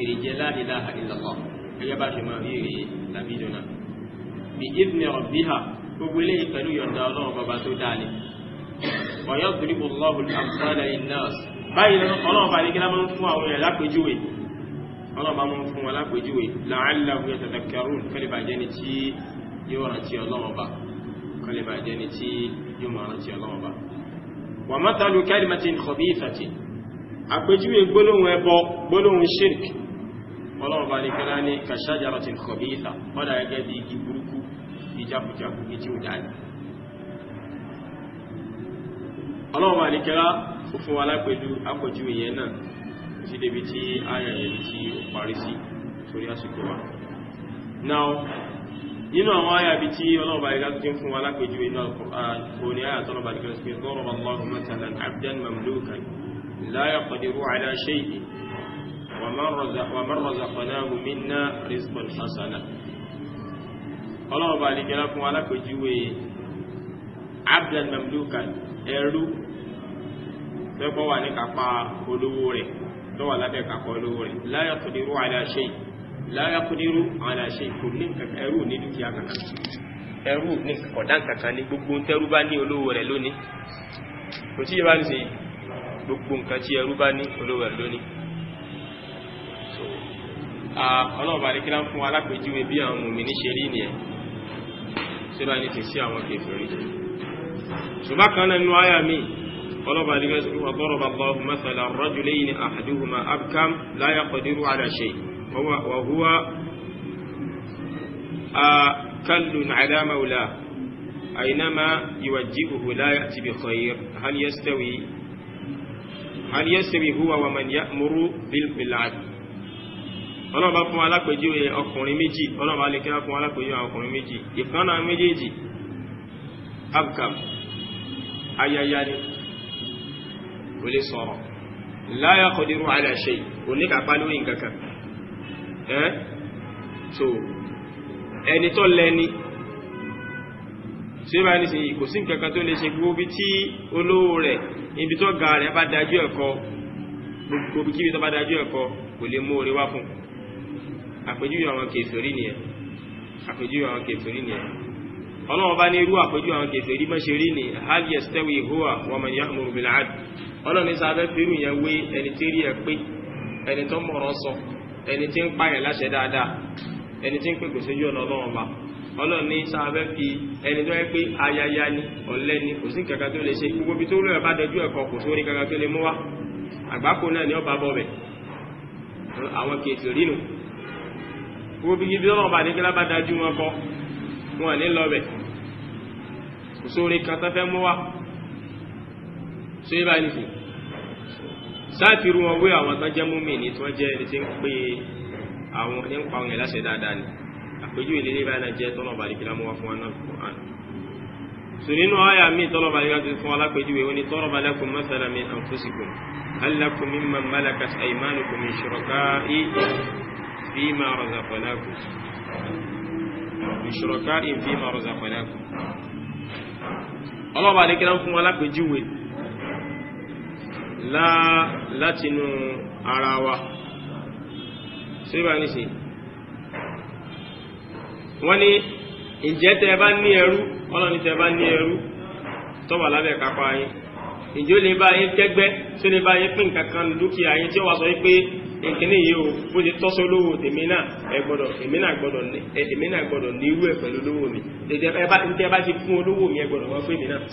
èrè jẹ́ la ilaha illallah gẹ́gẹ́ bá ṣe máa rí èrè làbídùn náà bí ìdíni ọ̀bí hà gbogbo eléyìí pẹ̀lú yọ̀ǹda ọlọ́run bàbá tó dáa ni ọ̀yọ́ tòlípò lọ́ọ̀bù àbúsálẹ̀ ináàs báyìí ọlọ́run bá ní kí lámọ́ fún àwọn èèyàn lápèjúwe ọlọ́run bá mọ́ fún wọn lápèjúwe làálàbù yatadhakkarun kọ́lébà àpèjúwe gbólóhùn ẹbọ gbólóhùn shirk ọlọ́run bá ní kẹ́lá ní kàṣájára ti kọ̀bí ìlà ọ̀dà gẹ́gẹ́ bí igi burúkú ìjákùjákù méjì ò dáa ọlọ́run bá ní kẹ́lá ó fún wa lápẹ̀lú àpèjúwe yẹn náà sí débi tí ayẹyẹ tí ó parí sí torí àsìkò wa now nínú àwọn àyà bí tí ọlọ́ọ̀bá ìgbà tó fún wa lápèjúwe náà kò ní àyà tọ́lọ́bà ìgbà tó لا يقدر على شيء ومن, رزق ومن رزقناه منا رزقا حسنا ọlọ́run bá lè jẹ́lá fún alákòjúwe abdan mamlukan ẹrú tẹ́kọ̀ wà ní kápá olówó rẹ̀ tó wà lábẹ́ kápá olówó rẹ̀ la yaqdiru ala shay la yaqdiru ala shay kò ní ẹrú ní dúkìá kankan ẹrú ní kọ̀dá kankan ní gbogbo tẹ́rú bá ní olówó rẹ̀ lónìí kò tí bá ní sèyí gbogbo nǹkan tí ẹrú bá ní olówó ẹ̀ lónìí ọlọ́ọ̀bà ní kí lá ń fún alápèjúwe bí àwọn mùmínì ṣe rí nìyẹn tí bá ní ti sí àwọn kèfèrí ṣùgbọ́n kan náà nínú àyà mi ọlọ́ọ̀bà ní gbẹ́sùn wa daraba Allahu mathalan rajulayni ahaduhuma abkam la yaqdiru ala shay wa huwa kallun ala mawla aynama yuwajjihuhu la ya'ti bi khayr hal aliyẹ́sẹ̀rì huwa wa man ya'muru bil 'adl ọlọ́ba fún alápèjúwe ọkùnrin méjì ọlọ́ba lè kíra fún alápèjúwe ọkùnrin méjì ìkànnà méjèèjì abkam ayaya ni kò lè sọ̀rọ̀ la yaqdiru ala shay kò nǹkan kan ẹ́ so ẹni tó ṣé báyìí nísìnyí kò sí nǹkan kan tó lè ṣe gbogbo ibi tí olówó rẹ̀ ibi tó ga rẹ̀ bá dájú ẹ̀kọ́ gbogbo ibi kíbi tó bá dájú ẹ̀kọ́ kò lè mú orí wá fún àpèjúwe àwọn kèfèrí nìyẹn àpèjúwe àwọn kèfèrí nìyẹn ọlọ́wọ́ bá ní irú àpèjúwe àwọn kèfèrí mọ́ rí ni hal yastawi huwa wa man ya'muru bil 'adl ọlọ́ni sáfẹ́ fẹ́rù yẹn wé ẹni tí rí ẹ pé ẹni tó mọ̀rọ̀ sọ ẹni tí ń pààyàn láṣẹ dáadáa ẹni tí ń pè kò sójú ọ̀nà ọlọ́run ní fi ẹni tó yẹ pé ayaya ni ọ̀lẹ ni kò sí kankan tó lè ṣe gbogbo bí tó lóyè bá dẹjú ẹ̀kọ́ kò sórí kankan tó lè mú wá àgbákò náà ni ọba bọ̀bẹ̀ àwọn kèétì rínu gbogbo bí ibi ọlọ́run bá ní kí lábá dájú wọn kọ wọn ní lọ́bẹ̀ kò sórí kan tó fẹ́ mú wá sóyè báyìí nìkú sáàtìrú wọn wé àwọn tó jẹ́ múmi ní tó jẹ́ ẹni tí ń pè àwọn ní ń pa òun àpèjúwe lélẹ́ báyìí náà jẹ́ tọ́lọ̀ bàríkìlá mọ́ wá fún wa náà fún wa. sùn nínú àyà mi tọ́lọ̀ bàríkìlá ti fún wa lápèjúwe ó ní tọ́lọ̀ bàlẹ́kùn mọ́sálà mi àǹfóṣìkùn alákùn mi máa málàkà àìmánukùn mi ṣùrọ̀ká í fi máa rọ̀zà pẹ̀lákù ṣùrọ̀ká í fi máa rọ̀zà pẹ̀lákù. ọlọ́ bàríkìlá fún wa lápèjúwe látinú ara wa. síbà nísìnyí wọ́n ní ǹjẹ́ tẹ́ ẹ bá ní ẹrú ọlọ́ni tẹ́ ẹ bá ní ẹrú tó anyị lábẹ́ kápá yín ó lè bá yín kẹ́gbẹ́ tí ó lè bá yín pín kankan dúkìá tí ó sọ o bó ṣe tèmi náà ẹ gbọ́dọ̀ èmi náà gbọ́dọ̀ náà gbọ́dọ̀ ní irú ẹ̀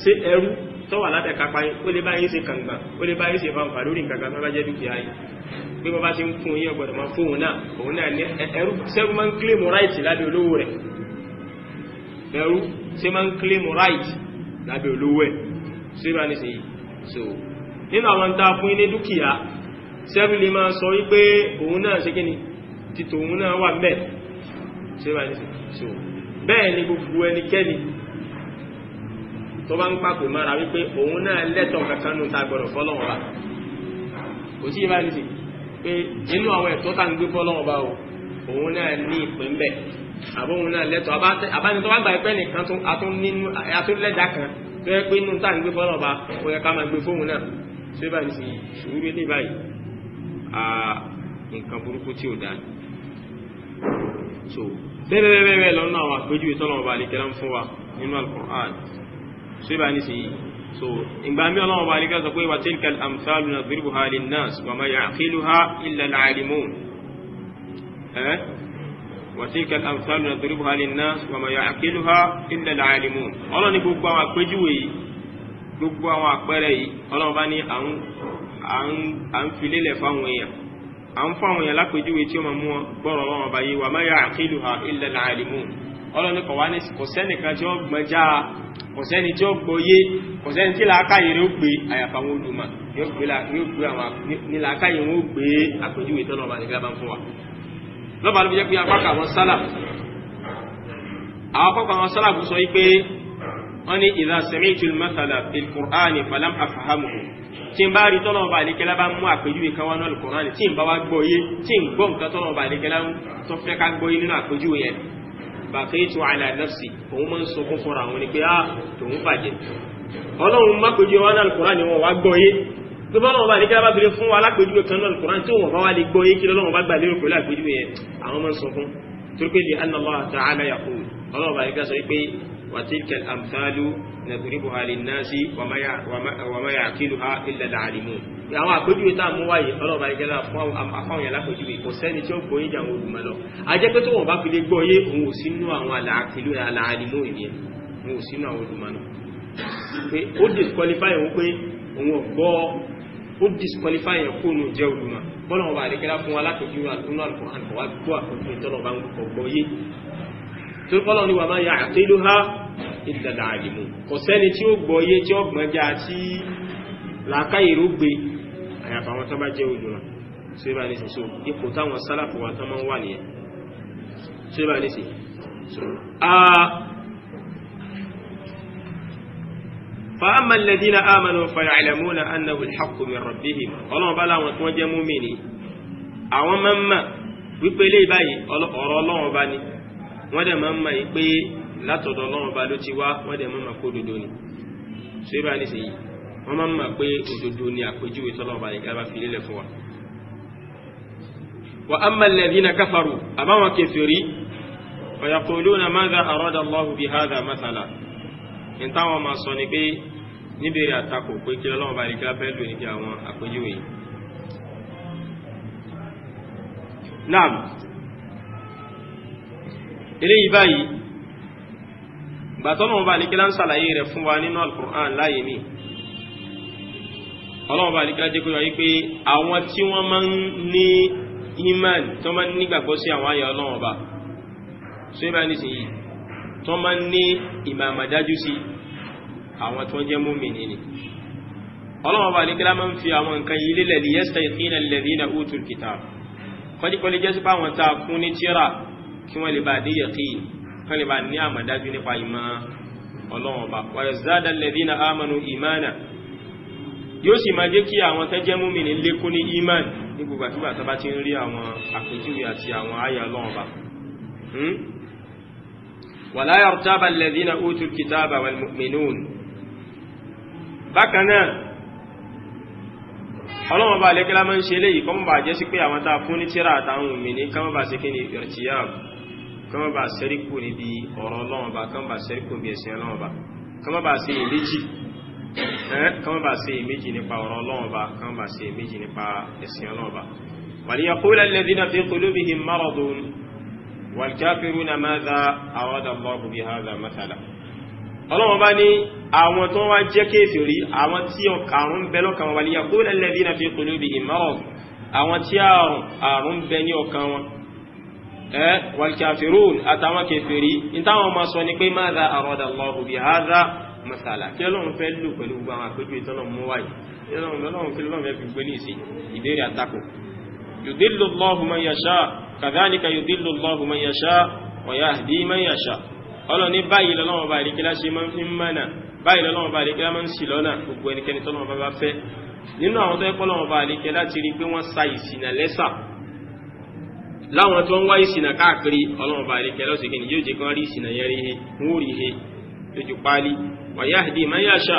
pẹ̀lú tó wà lábẹ́ kápá yín ó lè bá yín ṣe kàngbà ó lè bá yín ṣe fanfà lórí nǹkan kan tó bá jẹ́ dúkìá yìí pé bọ́ bá ti ń fún yín ọgbọ̀dọ̀ máa fún òun náà òun náà ní ẹrú sẹ́rú máa ń claim right lábẹ́ olówó rẹ̀ ẹrú ṣe máa ń claim right lábẹ́ olówó ẹ̀ ṣé bá ní so nínú àwọn tá a fún yín ní dúkìá sẹ́rú lè máa sọ wípé òun náà ṣe kí ni títò òun náà wà mẹ́ẹ̀ ṣé bá ní so bẹ́ẹ̀ ni gbogbo ẹnikẹ́ni tó bá ń pàpè mọ́ra wípé òun náà lẹ́tọ̀ọ́ kankan nù ta gbọ́dọ̀ fọ́lọ́wọ́n bá kò sí ìbá nìsí pé nínú àwọn ẹ̀tọ́ tá ń gbé fọ́lọ́wọ́n bá o òun náà ní ìpín bẹ́ẹ̀ àbó òun náà lẹ́tọ̀ọ́ abánitọ́ bá gbà pẹ́ nìkan atúnlẹ́dà kan tó yẹ pé inú tá ń gbé fọ́lọ́wọ́n bá ó yẹ ká máa gbé fóun náà tó ìbá nìsí ṣùgbọ́n ilé báyìí nǹkan burúkú tí ò dáa so bẹ́ẹ̀ bẹ́ẹ̀ bẹ́ẹ̀ lọ́nà àwọn àpéjúwe tọ́lọ́wọ́n bá lè kẹ́lá ń fún wa nínú Al-Qur'an so ní sèyí so ìgbà mi ọlọ́run ọba àríkà sọ pé wa tilkal amthalu nadribuha linnas wa ma ya'qiluha illa al-alimun ẹ́ wa tilkal amthalu nadribuha linnas wa ma ya'qiluha illa al-alimun ọlọ́run ní gbogbo àwọn àpéjúwe yìí gbogbo àwọn àpẹẹrẹ yìí ọlọ́run bá ní à ń filélẹ̀ fáwọn èèyàn à tí ó máa mú gbọ́rọ̀ ọlọ́run ọba yìí wa ma ya'qiluha illa al-alimun ọlọ́ni kọ̀ wá ní kò sẹ́nìkan tí ó gbọ́njá kò sẹ́ni tí ó gbọ́yé kò sẹ́ni tí làákàyè rẹ̀ ó gbé àyàfà wọn olùmọ̀ yóò gbé àwọn ní làákàyè wọn ó gbé àpèjúwe tọ́nà ọba nígbà bá ń fún wa lọ́ba ló fi jẹ́ pé apá kà sálà àwọn apá wọn sálà sọ yìí pé wọ́n ní idha sami'tu al-mathala fil-Qur'ani falam afhamuhu tí n bá rí tọ́nà ọba àdékẹ́lá bá mú àpèjúwe kan qurani tí n bá wá gbọ́ yé tí n gbọ́ nǹkan tọ́nà ọba bàkéètò àìlànàfsì òun máa ń sọkún fọ́ra àwọn ni pé á ah, tòun bàjẹ́ ọlọ́run mákòjú wa náà Al-Qur'an ni wọ́n wá gbọ́ yé tó bá lọ́wọ́ bá ní kí a bá bèrè fún alákòjúwe kan náà Al-Qur'an tí wọ́n bá wá lè gbọ́ yé kí lọ́wọ́ bá gbà lérò pẹ̀lú àkòjúwe yẹn àwọn máa ń sọkún torí pé lè anna Allah ọlọ́run bá ní sọ pé wa tilka al-amthalu nadribuha lin-nasi wa ma ya'qiluha illa al àwọn àpèjúwe tá à mú wáyé ọlọ́ọ̀bá ìjẹ́lá afáwọn yẹn lápèjúwe kò sẹ́ni tí ó gbọ́ yín jàwọn olùmọ̀ lọ ajẹ́ pé tó wọ́n bá fi lè gbọ́ yé òun ò sínú àwọn àlàáfíìlú àlàálìmú ìyẹn òun ò sínú àwọn olùmọ̀ lọ pé ó disqualify òun pé òun ọ̀gbọ́ ó disqualify yẹn kó òun jẹ́ olùmọ̀ ha ìdàdà àdìmú kò sẹ́ni tí ó gbọ́ yé tí àyàfà àwọn tó bá jẹ́ olùmọ̀ tí ó bá ní sìn so ipò táwọn sálàfù tó máa wà nìyẹn tí ó bá ní sìn so فأما الذين آمنوا فيعلمون أنه الحق من ربهم ọlọ́run bá láwọn tí wọ́n jẹ́ múmìnì àwọn máa ń mọ̀ wípé ilé báyìí ọ̀rọ̀ ọlọ́run bá ní wọ́n dẹ̀ máa ń mọ̀ pé látọ̀dọ̀ ọlọ́run wọ́n máa ń mọ̀ pé òdodo ni àpèjúwe tọ́lọ́ọ̀bà nìkan bá fi lélẹ̀ fún wa. wa amma alladhina kafaru àbáwọn kèfèrí wa yaquluna madha arada Allahu bi hadha mathala ìtawọn máa sọ ni pé níbèrè àtakò pé kí ọlọ́ọ̀bà nìkan bẹ́ẹ̀ lò níbi àwọn rẹ̀ fún wa nínú alukur'an láyé míì ọlọ́run bá àdìkẹ́lá jẹ́ kó yọ wípé àwọn tí wọ́n máa ń ní iman tó máa ń nígbàgbọ́ sí àwọn ayé ọlọ́run ọba so yíba nísìnyí tó máa ń ní ìmàmà dájú sí àwọn tó ń jẹ́ mùmínì ni ọlọ́run bá àdìkẹ́lá máa ń fi àwọn nǹkan yìí lélẹ̀ ní yẹ́sítà ìkínà lẹ́dínà utul kitab kọ́díkọ́lé jẹ́ sí fáwọn tá a fún ní tíra kí wọ́n lè bá dé yẹ̀kí kí wọ́n lè bá ní àmàdájú nípa ìmọ̀ ọlọ́run ọba wàyẹ̀ zádà lẹ́dínà amanu ìmánà yóò sì máa jẹ́ kí àwọn tẹ́jẹ́ múmìnì lékún ní iman ní gbogbo àkígbà tàbá ti ń rí àwọn àpèjúwe àti àwọn àyà lọ́ọ̀bà hmm? wala yartaba alladhina utul kitaba wal mu'minun bákan náà ọlọ́wọ́n bá lẹ́kẹ́lá máa ń ṣe léyìí kọ́mọ́ bá jẹ́ sí pé àwọn tá a fún ní tíra àtàwọn òmìnir kọ́mọ́ bá sí kí ni kọ́mọ́ bá sẹ́ríkù Eh, kàn bá ṣe èméjì nípa ọ̀rọ̀ Ọlọ́run Ọba kàn bá ṣe èméjì nípa ẹ̀sìn Ọlọ́run وليقول الذين في قلوبهم مرض والكافرون ماذا أراد الله بهذا مثلا ọlọ́wọ́n bá ní àwọn tó wá jẹ́ kéfèrí àwọn tí àrùn bẹ lọ́kàn wọn وليقول الذين في قلوبهم مرض àwọn tí àrùn bẹ ní ọkàn wọn ẹ eh, والكافرون àtàwọn kéfèrí ní táwọn máa sọ ní pé ماذا أراد الله بهذا masala kí ọlọ́run fẹ́ lò pẹ̀lú gbogbo àwọn àpéjú ìtọ́lọ́run mú wáyé kí ọlọ́run kí ọlọ́run fẹ́ fi gbé ní ìsìn ìbéèrè àtakò yudillu Allahu man yasha kadhalika yudillu Allahu man yasha wa yahdi man yasha ọlọ́run ní báyìí lọ́lọ́run bá ìrìkílá ṣe máa ń fi mánà báyìí lọ́lọ́run bá ìrìkílá máa ń sì lọ́nà gbogbo ẹnikẹ́ni tọ́lọ́run bá bá fẹ́ nínú àwọn tó ẹ̀kọ́ lọ́wọ́ bá àlékẹ́ láwọn tó ń wá ìsìnà káàkiri ọlọ́wọ́ bá àlékẹ́ lọ́sẹ̀kẹ́ ni yóò jẹ́ kán rí ìsìnà yẹn rí he wọ́n rí he lójú páálí wa yahdi man yasha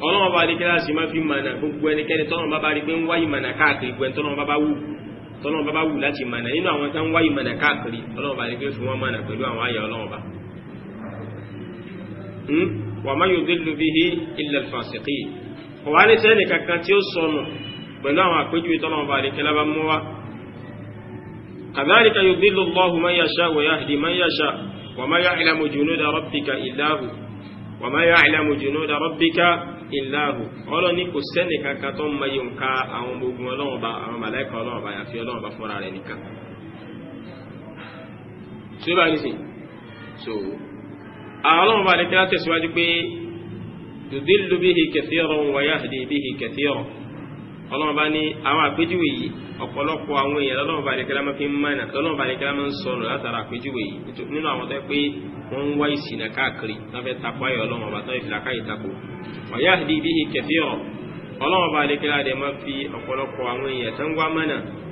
ọlọ́wọ́n bá alikẹ́lá sì máa fi mànà gbogbo ẹnikẹ́ni tọ́nà bá bá rí pé ń wáyé mànà káàkiri gbogbo ẹni tọ́nà bá bá wù tọ́nà bá bá wù láti mànà nínú àwọn tán wáyé mànà káàkiri ọlọ́wọ́n bá alikẹ́lá fi wọ́n mànà pẹ̀lú àwọn ayé ọlọ́wọ́n bá. Hmm? wa man yudillu bihi illa al-fasiqin ọ̀wá ní sẹ́ni kankan tí ó sọnù pẹ̀lú àwọn àpéjúwe tọ́nà bá alikẹ́lá wa ma ya'lamu junuda rabbika illa hu ọlọ́run ní kò sẹ́ni kankan tó ń mọ iye nǹka àwọn ogun ọlọ́run ba àwọn màláìka ọlọ́run ba àyàfi ọlọ́run ba fúnra rẹ̀ nìkan. ṣé báyìí nìsín so àwọn ọlọ́run ba lè kí wọ́n tẹ̀síwájú pé yudillu bihi kathiran wa yahdi bihi kathiran ọlọ́run bá ní àwọn àpéjúwe yìí ọ̀pọ̀lọpọ̀ àwọn èèyàn lọ́lọ́run bá nìkẹ́lá máa fi ń mánà lọ́lọ́run bá nìkẹ́lá máa ń sọnù látara àpéjúwe yìí nínú àwọn tó yẹ pé wọ́n ń wá ìsìnà káàkiri wọ́n fẹ́ tapọ̀ ayọ̀ ọlọ́run ọba tó yẹ fìlà káyì tako ọ̀yá àdí ibi kẹfì ọ̀ ọlọ́run bá nìkẹ́lá dẹ̀ máa fi ọ̀pọ̀lọpọ̀ àwọn èèyàn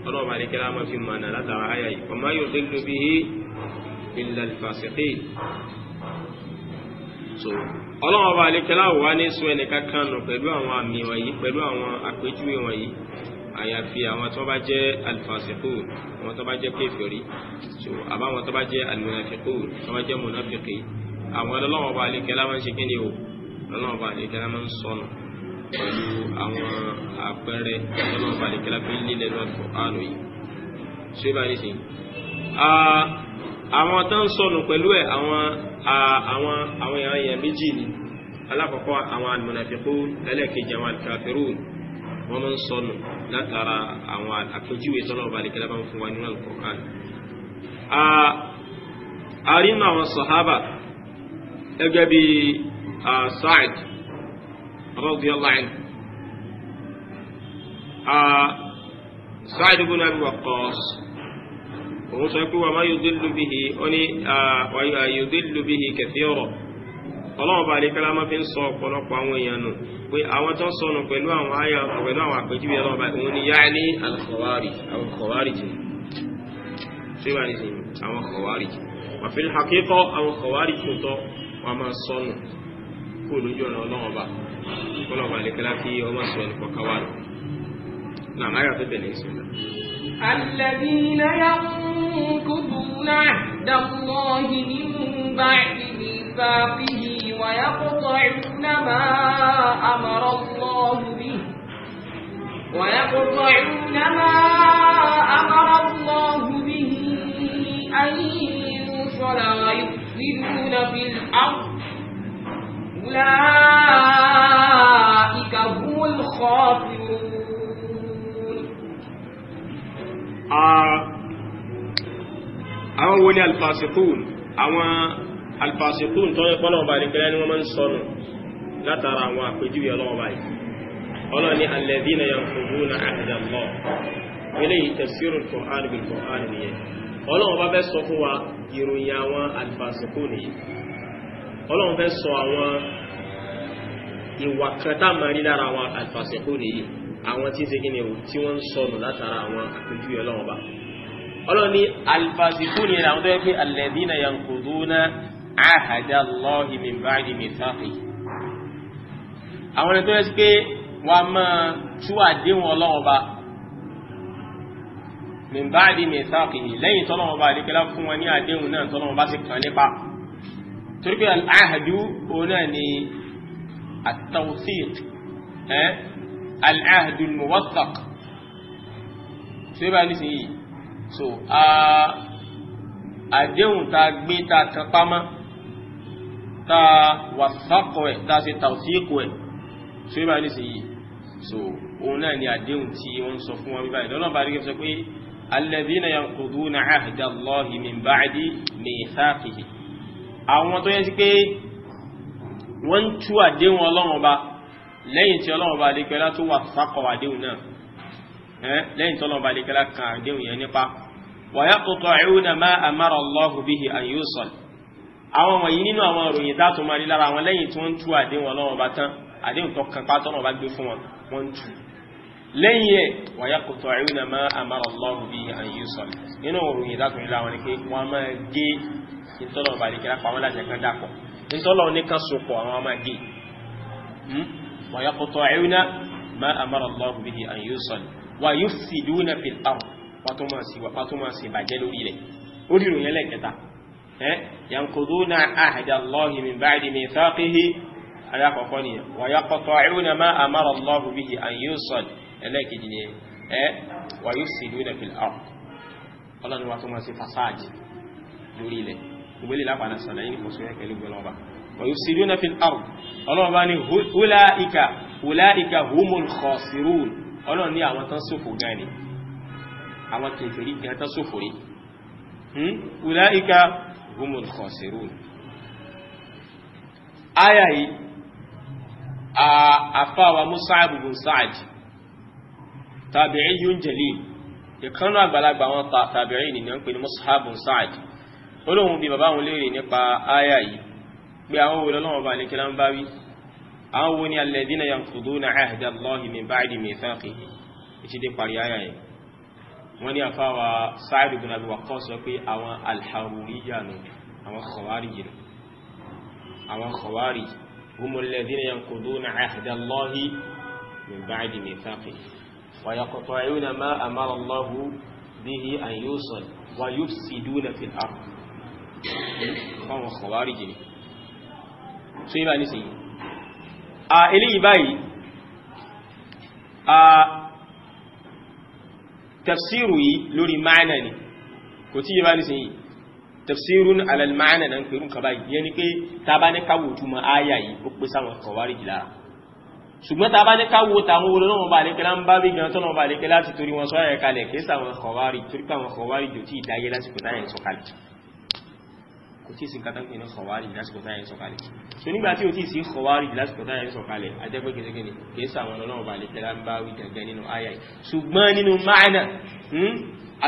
tó ń wá so ọlọ́run ọba àlekẹ́lá wà ní sọ ẹnìkan kan nù pẹ̀lú àwọn àmì wọ̀nyí pẹ̀lú àwọn àpèjúwe wọ̀nyí àyàfi àwọn tó bá jẹ́ alifasiku àwọn tó bá jẹ́ kéfìrí so àbáwọn tó bá jẹ́ alimunafiku tó bá jẹ́ munafiki àwọn ọlọ́run ọba àlekẹ́lá máa ń ṣe kíni o ọlọ́run ọba àlekẹ́lá máa ń sọnù pẹ̀lú àwọn àpẹẹrẹ ọlọ́run ọba àlekẹ́lá fi ń lílẹ̀ lọ́dún àánú yìí ṣé bá àwọn tó ń sọnù pẹ̀lú ẹ̀ àwọn àwọn àwọn èèyàn èèyàn méjì ni alákọ̀ọ́kọ́ àwọn alìmọ̀nàfikú ẹlẹ́ẹ̀kejì àwọn alìkàfẹ́rù wọ́n máa ń sọnù látara àwọn àpèjúwe tọ́lọ̀ ọba àdìkẹ́lẹ́ bá ń fún wa nínú Al-Qur'an. àrínú àwọn sàhábà gẹ́gẹ́ bí Sa'id radiyallahu anhu Sa'id ibn Abi Waqqas òun sọ pé wà má yudillu bihi ó ní yudillu bihi kathira ọlọ́run bá lè kẹ́lá fi ń sọ ọ̀pọ̀lọpọ̀ àwọn èèyàn nù pé àwọn tó ń sọnù pẹ̀lú àwọn àyà pẹ̀lú àwọn àpèjúwe ọlọ́run bá òun ni yáà ní al àwọn khawarij jù ṣé wà àwọn khawarij jù wà fil haqiqa àwọn khawarij jù tó wà máa sọnù kó lójú ọ̀nà ọlọ́run bá ọlọ́run bá lè kẹ́lá kí ọmọ sọ ẹnì kọ̀ọ̀kan wà nù. ينكثون عهد الله من بعد ميثاقه ويقطعون ما أمر الله به ويقطعون ما أمر الله به أن يوصل ويفسدون في الأرض أولئك هم الخاسرون آه، àwọn wo ni alfasikun àwọn alfasikun tó yẹ kọ́lọ̀ ọba àdìkẹ́lẹ́ ni wọ́n máa ń sọnù látara àwọn àpèjúwe ọlọ́ọ̀ba yìí ọlọ́ni alladhina yanquduna ahda Allah eléyìí tafsirul Qur'an bil Qur'an nìyẹn ọlọ́run bá fẹ́ sọ fún wa ìròyìn àwọn alfasikun nìyí ọlọ́run fẹ́ sọ àwọn ìwà kan tá lára àwọn alfasikun nìyí àwọn tí ń segin ni tí wọ́n ń sọnù látara àwọn àpèjúwe ọlọ́run bá ọlọ́run ní alifasiku ni àwọn tó yẹ pé alẹ́dínà yankuduna ahada Allahi min ba'di mithaqi àwọn ẹni tó yẹ pé wọ́n á máa tú àdéhùn ọlọ́run ọba min ba'di mithaqi lẹ́yìn tọ́lọ́run ọba àdékẹ́lá fún wọn ní àdéhùn náà tọ́lọ́run ọba sì kàn nípa torí pé al-ahdu òun náà ni at-tawthiq al-ahdu al-muwaththaq tí nísìnyí so àdéhùn tá a gbé tá a kan pamọ́ tá a wàsákọ̀ ẹ̀ tá a ṣe tàwùsíkọ̀ ẹ̀ so yíba ní sèyí so òun náà ni àdéhùn tí wọ́n ń sọ fún wọn bíbáyìí lọ́nà bá rí sọ pé alladhina yanquduna ahda Allahi min ba'di mithaqihi àwọn tó yẹ sí pé wọ́n ń tú àdéhùn ọlọ́run ọba lẹ́yìn tí ọlọ́run ọba lè pẹ́ látó wàsákọ̀ àdéhùn náà lẹ́yìn tọ́lọ́ ọba àlekẹ́lá kan àdéhùn yẹn nípa wa yaqta'una ma amara Allahu bihi an yusal àwọn wọ̀nyí nínú àwọn ìròyìn dátò máa rí lára àwọn lẹ́yìn tí wọ́n ń tú àdéhùn ọlọ́run ọba tán àdéhùn tó kan pátọ́ náà bá gbé fún wọn wọ́n ń tú lẹ́yìn ẹ̀ wa yaqta'una ma amara Allahu bihi an yusal nínú ìròyìn dátò hmm? ma amara Allahu bihi an yusal wà yufsiduna fil ard pàtómọ̀sí bàjẹ́ lórí rẹ̀ ó rí ìròyìn ẹlẹ́kẹta yankuduna ahda Allahi min ba'di mithaqihi alákọ̀ọ́kọ́ nìyẹn wà yaqta'una ma amara Allahu bihi an yusad ẹlẹ́kejì nìyẹn wà yufsiduna fil ard ọlọ́ni wa tó máa ṣe fasáàjì lórí ilẹ̀ gbogbo ilé náà sọ̀rọ̀ yìí ní kòsó ẹ̀kẹ́ lóògbé lọ́ba wa yufsiduna fil ard ọlọ́ba ni hulaika hulaika humul ọlọ́run ní àwọn tán ṣòfò gan ni àwọn kèfèrí gan tán ṣòfò rí hmm? ulaika humul khasirun aya yìí a afáwa Mus'ab bin Sa'd tabi'iyyun jalil ìkànnú àgbàlagbà àwọn tabi'in ni wọ́n pè ní Mus'ab bin Sa'd olóhun bí bàbá àwọn léèrè nípa aya yìí pé àwọn òwúrọ̀ lọ́wọ́ bá ní kí lá bá wí àwọn wo ni alladhina yanquduna ahda Allahi min ba'di mithaqihi ìṣídé parí ayà yẹn wọ́n ní àfáwà Sa'id ibn Abi Waqqas sọ pé àwọn al-Haruriyya nù àwọn Khawarij nù àwọn Khawarij humul ladhina yanquduna ahda Allahi min ba'di mithaqihi wa yaqta'una ma amara Allahu bihi an yusal wa yufsiduna fil ard àwọn Khawarij nù tó yẹ bá eléyìí báyìí tafsiru yìí lórí ma'ana ni kò tí yẹ bá nísìnyí tafsirun alal ma'ana na ń pè rúkà báyìí yẹn ni pé tàbá ní káwò túmọ̀ áyà yìí ó pé sáwọn kọ̀wárí jì lára ṣùgbọ́n tàbá ní káwò táwọn olóòrùn náà bá lékelá ń bá bí gan tọ́nà bá lékelá ti torí wọn sọ́yà kalẹ̀ kí sáwọn kọ̀wárí torí pé àwọn jò tí ìdáyé lásìkò táyà ń sọ kalẹ̀ kò tí ì sí kátàkì ní kọ̀wárì lásìkò táyà ń sọ̀kalẹ̀ so nígbà tí o tí ì sí kọ̀wárì lásìkò táyà ń sọ̀kalẹ̀ ajẹ́pẹ́ kìtìkìtì kìí sàwọn ọlọ́run bá lè tẹ́lá ń bá wí gàgà nínú àyà yìí ṣùgbọ́n nínú máànà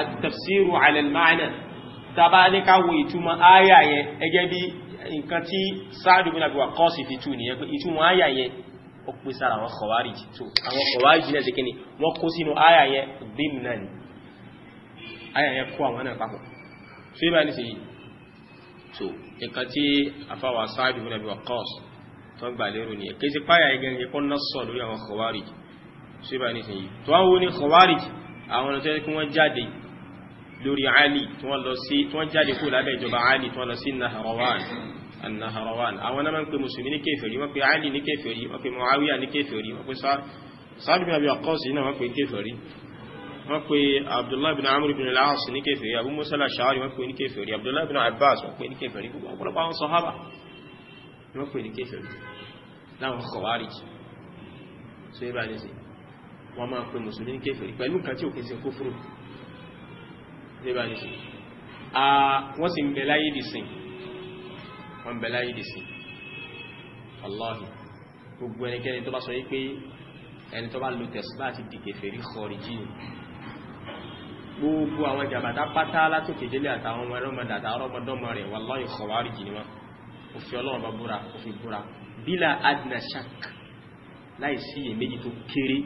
àtàfsírù hmm, alẹ́ máànà tábà ní ká wo ìtumọ̀ àyà yẹn ẹgẹ́ bí nǹkan tí sáàdù bin abiwa kọ́ọ̀sì fi tú nìyẹn pé ìtumọ̀ àyà yìí so nǹkan tí afáwà Sa'd ibn Abi Waqqas tó ń gbà lérò nìyẹn kí sí páyà igan yẹ kọ́nà sọ lórí àwọn khawarij sí bá ní sèyí tó wọ́n ní khawarij àwọn ọ̀nà tó yẹ kí wọ́n jáde lórí Ali tí wọ́n lọ sí tí wọ́n jáde kúrò lábẹ́ ìjọba Ali tí wọ́n lọ sí Naharawan Naharawan àwọn náà máa mùsùlùmí ní kèfèrí wọ́n pe Ali ní kèfèrí wọ́n pe Muawiya ní kèfèrí wọ́n pe Sa'd ibn Abi Waqqas yìí náà wọ́n pe kèfèrí wọ́n pe abdullahi bin amr bin al-as ní kèfèrí abu musa al-ashari wọ́n pe ní kèfèrí abdullahi bin abbas wọ́n pe ní kèfèrí gbogbo ọ̀pọ̀lọpọ̀ àwọn sọ̀hábà wọ́n pe ní kèfèrí láwọn khawarij so yẹ́ bá ní sí wọ́n máa pe mùsùlùmí ní kèfèrí pẹ̀lú nǹkan tí òkè sí kúfúrù yẹ́ ní sí gbogbo àwọn jàbàtà pátá látòkè délé àtàwọn ọmọ ẹlọmọdé àtàwọn ọmọdọmọ rẹ wallahi khawarij ni wọn òfin Ọlọ́run bá búra òfin búra bílà adna shak láì sí iyèméjì tó kéré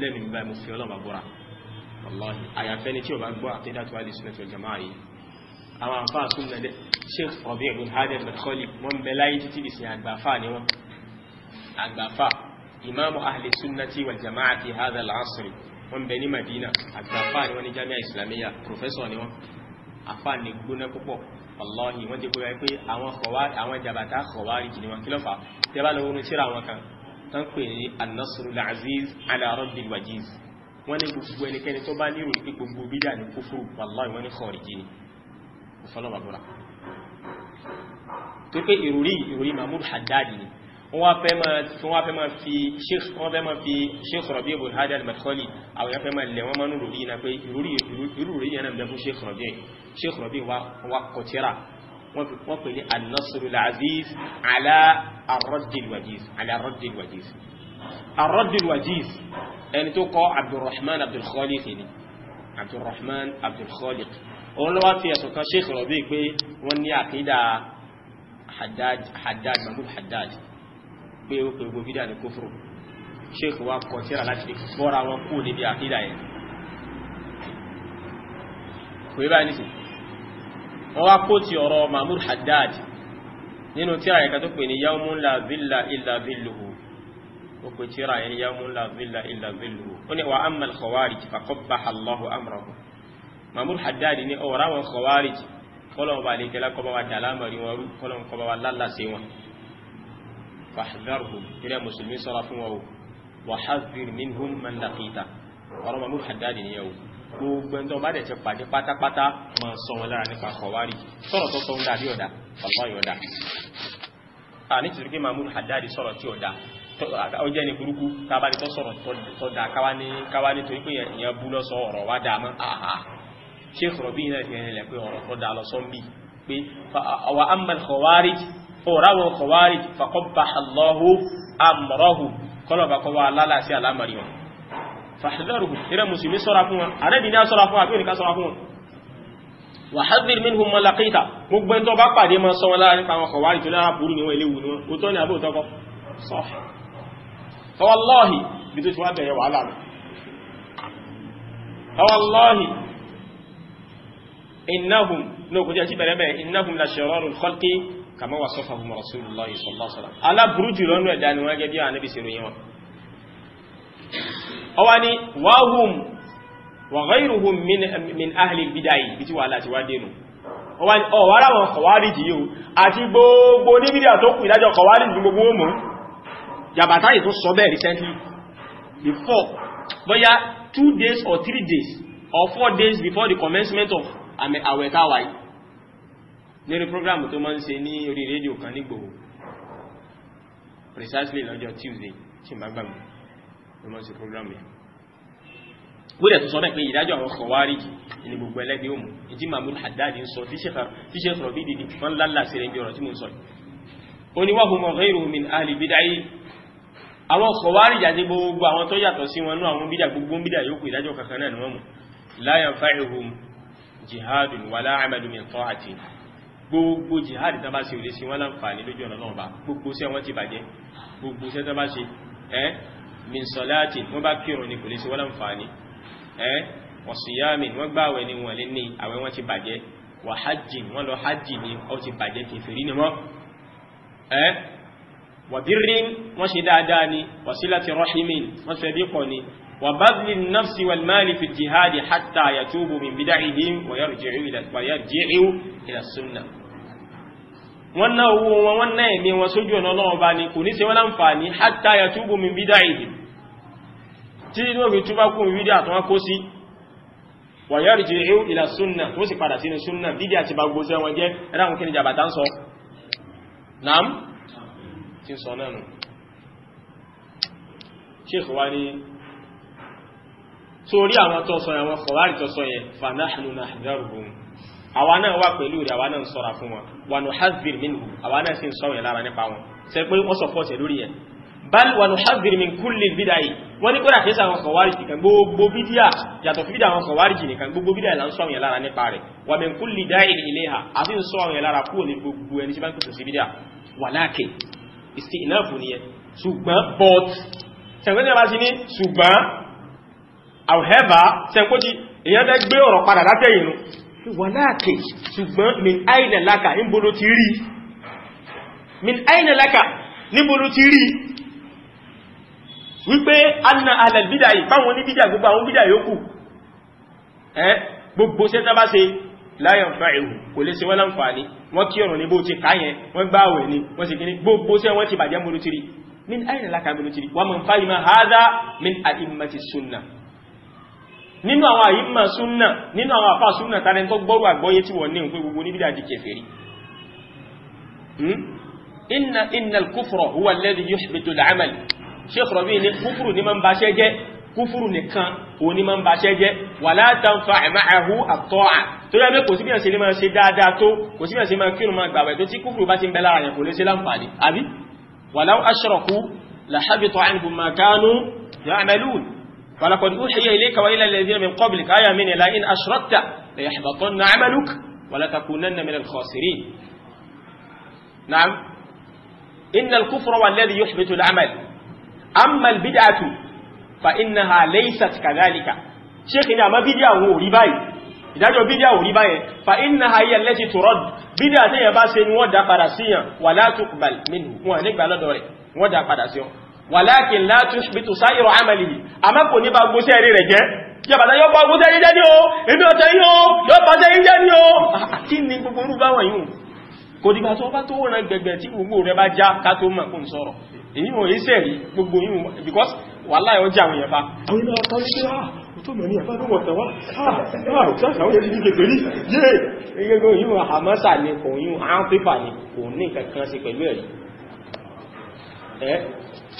lẹ́nu bíbá mo fi bá búra wallahi àyàfẹ́ni tí o bá gbọ́ àtẹ́dàtò àdì sunnah wal jamaa yìí àwọn àǹfà tún nà dé Sheikh Rabi' bin Hadi al-Madkhali wọn bẹ láyé títí ìsìn àgbàfà ni wọn àgbàfà wọ́n bẹ ní Madina àgbà àfáà ni wọ́n ní Jami'a Islamiyya professor ni wọ́n àfáà ni gbóná púpọ̀ wallahi wọ́n jẹ́ pé àwọn kọ̀wárí àwọn jàbàtà kọ̀wárí jì ni wọ́n kí lọ́fà tẹ́ bá lọ́wọ́n tíra wọn kan tán pè ní an-nasrul aziz ala rabbil wajiz wọ́n ní gbogbo ẹnikẹ́ni tó bá nírò pé gbogbo bídà ní kúfúrú wallahi wọ́n ní kọ̀ọ̀rì jì ni tó pé ìròrí ìròrí mahmud haddadi ni wọ́n fẹ́ máa fi sheikh rabi ibn hadi al-madkhali àwọn yẹn fẹ́ máa lẹ̀ wọ́n máa ń rò rí iná pé irú rí yẹn náà bẹ fún sheikh rabi sheikh rabi wa kọtíra wọ́n pè ní al-nasru al-aziz ala ar-raddil wajiz ala ar-raddil wajiz ar-raddil wajiz ẹni tó kọ abdulrahman abdulkhaliq ni ẹ̀sùn kan sheikh pé wọ́n ní àkídà haddad mahmud haddad pé ó pé gbogbo bídà ní kófòrò sheikh wa kọ tíra láti lè bọ́ra wọn kú níbi àkídà yẹn kò yí báyìí nísìn wọ́n wá kó ti ọ̀rọ̀ mahmud haddad nínú tíra yẹn kan tó pè ní yawmun la dhilla illa dhilluhu ó pè tíra yẹn yawmun la dhilla illa dhilluhu ó ní wa amma al-khawarij faqabbaha Allahu amrahum mahmud haddad ní ọ̀rọ̀ àwọn khawarij kọ́lọ̀ wọn bá lè kẹ́lá kọ́ bá wa dàlámọ̀rí wọn rú kọ́lọ̀ kọ́ bá wa lálàsẹ̀ wọn fahdharhum ilẹ̀ mùsùlùmí sọ́ra fún wọn o wa hadhir minhum man laqita ọ̀rọ̀ mọ̀mú haddadi ni yẹ̀wò gbogbo ẹni tó bá dẹ̀ ti pàdé pátápátá máa sọ wọn lára nípa kọ̀wárì sọ̀rọ̀ tó sọ ń dàbí ọ̀dà ọ̀lá yọ̀dà a ní tìrìkì mahmud haddadi sọ̀rọ̀ tí ọ̀dà ó jẹ́ ní burúkú tábàdì tó sọ̀rọ̀ tó dà káwá ní torí pé ìyẹn bú lọ́sọ̀ ọ̀rọ̀ wá dà mọ́ àhà sheikh rọ̀bí náà fi hàn lẹ̀ pé ọ̀rọ̀ tó dà lọ́sọ̀ ń bì pé wa amma al òráwọn kọwàrí fàkọ́bà Allahu amọ̀rọ̀hù kọlọ̀bà kọwà lálàsí alámàrí wọn fàhàdàrùhù ìrẹ musulmi sọ́ra fún wọn arẹ́bì ní a sọ́ra fún àbí òníká sọ́ra fún wọn wà hàbìr minhum malaqita gbogbo ẹntọ́ bá pàdé ma sọ wọn láàrin pa àwọn kọwàrí tó lára burú ni wọn ilé wù ni wọn òtọ́ ni àbí òtọ́ kọ sọ fọwọ́lọ́hì bí tó ti wá bẹ̀rẹ̀ wàhálà rẹ̀ fọwọ́lọ́hì innahum ní òkùnjẹ́ sí bẹ̀rẹ̀ bẹ̀rẹ̀ innahum la shirarul khalqi kama wà sọ́fà fún rasulullahi sallallahu alaihi wasallam aláburú jùlọ nù ẹ̀dá ni wọ́n gẹ́gẹ́ bí i ànábì sí ròyìn wọn ọwá ni wáhùn wa ghayruhum min ahli bidai bí tí wà láti wá dénú ọwá ni ọwá ráwọn kọwárìjì yóò àti gbogbo níbi tó kù ìdájọ́ kọwárìjì gbogbo mú jàbátá yìí tó sọ bẹ́ẹ̀ recently before bóyá two days or three days or four days before the commencement of àwẹ̀táwàá yìí nínú program tó máa ń ṣe ní orí rédíò kan ní gbòòrò precisely lọ́jọ́ Tuesday tí ma gbàmù ló máa ń ṣe program yẹn gbọ́dẹ̀ tó sọ bẹ́ẹ̀ pé ìdájọ́ àwọn Khawarij ní gbogbo ẹlẹ́gbẹ́ òmù ìdí Mahmoud Haddad ń sọ tíṣẹ́ sọ̀rọ̀bí dìdì wọ́n lálà sí ẹni ọ̀rọ̀ tí mo ń sọ yìí ó ní wahum ghayruhum min ahli bid'ah àwọn Khawarij àti gbogbo àwọn tó yàtọ̀ sí wọn ní àwọn bídà gbogbo bídà yòókù ìdájọ́ kankan náà ni wọ́n mú la yanfa'uhum jihadun wala amalun min ta'atin gbogbo jihad tán bá ṣe ò lè ṣe wọ́n láǹfààní lójú ọ̀nà náà bá gbogbo iṣẹ́ wọn ti bàjẹ́ gbogbo iṣẹ́ tán bá ṣe ẹ́ min salatin wọ́n bá kírun ni kò lè ṣe wọ́n láǹfààní ẹ́ wa wọ́n gbà ni wọ́n lè ní àwẹ̀ wọn ti bàjẹ́ wa hajjin wọ́n lọ hajj ni ó ti bàjẹ́ kèfèrí ni wọ́n ṣe dáadáa ni wa silati wọ́n fẹ́ bí kọ́ ni wa badli nafsi wal fi jihadi hatta yatubu min bid'ihim wa yarji'u ila wa wọ́n ná owó wọn wọ́n ná ẹ̀mí wọn sójú ọ̀nà ọlọ́wọ́ bá ní kò ní ṣe wọ́n láǹfààní hatta yatubu min bida'ihim tí inú òfin túbá kú mi bídà tó wọ́n kó sí wa yarji'u ila súnà tó sì padà sínú súnà bídà àti bá gbogbo wọn jẹ́ ẹ̀rọ àwọn kìnìjà bàtà ń sọ nam ti sọ náà nù sheikh wa ni torí àwọn tó sọ yẹn wọn kọ̀wárì tó sọ yẹn fa nahnu nahdaruhum àwa náà wà pẹ̀lú rẹ̀ àwa náà ń sọ́ra fún wọn wà nù hazir min hù àwa náà sì ń sọ́rọ̀ yẹn lára nípa wọn ṣe pé wọ́n sọ̀pọ̀tẹ̀ lórí yẹn bal wà nù hazir min kulli bídà yìí wọ́n ní kó dàkẹ́ sí àwọn kọ̀wárì nìkan gbogbo bídíà yàtọ̀ fi bídà àwọn kọ̀wárì jì nìkan gbogbo bídà là ń sọ́rọ̀ yẹn lára nípa rẹ̀ wà min kulli dáì ilé ha àti ń sọ́rọ̀ yẹn lára kúrò but ṣẹ̀gbọ́n tí a bá however ṣẹ̀gbọ́n tí èèyàn fẹ́ gbé ọ̀rọ̀ padà wàláàkì ṣùgbọ́n min aina laka níbolo ti rí min aina laka níbolo ti rí wípé anna alal bídàyí báwọn ní bídà gbogbo àwọn bídà yóò kù ẹ́ gbogbo sẹ́ta bá ṣe láyàn fa ìhù kò lè ṣe wọ́n láǹfààní wọ́n kí ọ̀rùn ní bó ti káyẹn wọ́n gbá àwẹ̀ ní wọ́n sì kíní gbogbo sẹ́ wọ́n ti bàjẹ́ mbolo min aina laka mbolo wọ́n mọ̀ fáyìmá hádá min àìmọ̀ ti sunna nínú àwọn àyíma súnnà nínú àwọn àfáà súnnà tàbí tó gbọ́rù àgbọ́yé tí wọ́n ní òpin gbogbo níbi dájí kèfèrí hmm? inna inna al-kufra huwa alladhi yuhbitu al-amal sheikh rabi ni kufru ni man ba se je kufru nìkan òun ni man ba se je wala tanfa' ma'ahu at tó yẹ pé kò sí bí ẹ̀sìn lè máa ṣe dáadáa tó ولقد أوحي إليك وإلى الذين من قبلك آية من لئن أشركت ليحبطن عملك ولتكونن من الخاسرين نعم إن الكفر والذي يحبط العمل أما البدعة فإنها ليست كذلك شيخنا ما بدعة هو رباي إذا جاء بدعة هو báyẹn فإنها هي التي ترد بدعة هي tẹ́yẹ bá ṣe ولا تقبل منه padà síyàn wà látùkùbàl wàlákin látúṣbítù sáyìrò àmàlì àmá kò ní bá gbóṣẹ́ rí rẹ̀ jẹ́ yọ bàtà yọ bá gbóṣẹ́ yíjẹ́ ní o inú ọ̀tẹ́ yí o yọ bàtà yíjẹ́ ní o kí ni gbogbo orú bá wọ̀n kò dìgbà tó bá tó wọ́n gbẹ̀gbẹ̀ tí gbogbo rẹ̀ bá já ká tó sọ̀rọ̀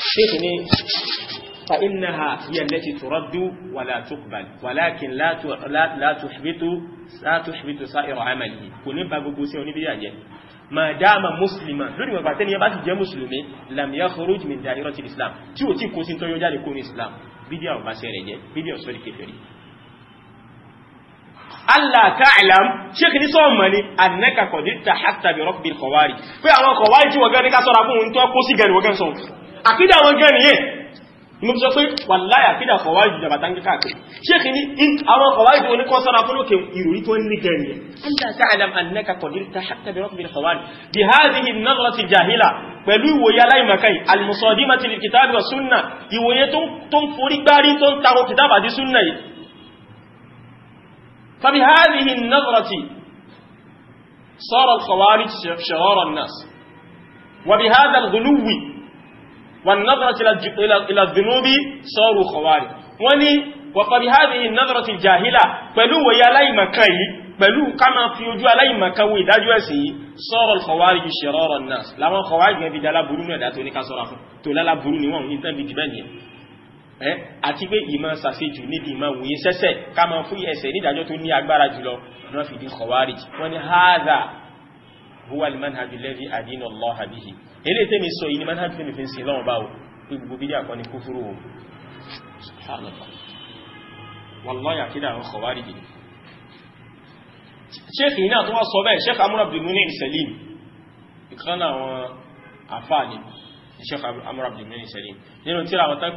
sheikh ni fa innaha hiya allati turaddu wa la tuqbal walakin la tu la tuhbitu la tuhbitu sa'ira 'amalihi kò ní ba gbogbo sí oníbíyà jẹ́ madama muslima lórí wọn bàtẹ́ni yẹn bá ti jẹ́ mùsùlùmí lam yakhruj min da'irati islam tí o ti kó sí tọ́yọ́ jáde kó ní islam bídíà ò bá ṣe rẹ̀ jẹ́ bídíà sọ di kèfèrí. allah ta'lam sheikh ní sọ mọ̀ ní annaka qad tahakta bi rabbil khawarij pé àwọn khawarij tí wọ́n gẹ́ni ká sọ́ra fún un tó kó sí àkídà àwọn gan ni yin mo sọ pé wà láì àkídà kọ̀wáìdì jàbàtà ń kíkà pé ṣéèkì ní àwọn kọ̀wáìdì wọn ní kọ́ sára fún òkè ìròyìn tó ní gan ni anta ta'lam annaka qadirta hatta bi rabbil khawan bi hadhihi an-nazrati jahila pelu wo ya lai makai aláìmọ̀kan al-musadimati lil kitab wa sunna ye ton ton forí gbárí ton ta ko kitab àti sunna yi fa bi hadhihi an-nazrati sara al-khawarij shirara an-nas wa bi hadha al-ghuluwi والنظرة إلى الذنوب صاروا خوارج وني وقد هذه النظرة الجاهلة بلو يا لاي مكاي بلو كما في وجو لاي مكاوي داجو اسي صار الخوارج شرار الناس لما خوارج في دالا برونو دا تو ني كا سورا تو لالا برونو وان ني تان بي ديباني eh àti pé ìmọ̀ ṣàṣejù níbi ìmọ̀ wòye sẹ́sẹ̀ ká máa fún ẹsẹ̀ nídàájọ́ tó ní agbára jùlọ wọ́n fi di kọ̀wárìjì wọ́n ní haza huwa almanhaj alladhi adina allah bihi ilé tẹ́mi sọ yìí ni man hajj tẹ́mi fi ń sin lọ́wọ́ báwo pé gbogbo bídí àkọ́ ni kúfúrú o subhanallah wallahi àkídà àwọn kọ̀wárí dì sheikh yìí náà tó wá sọ bẹ́ẹ̀ sheikh amúra abdulmunin salim ìkan àwọn àfáà ni sheikh amúra abdulmunin salim nínú tíra àwọn tán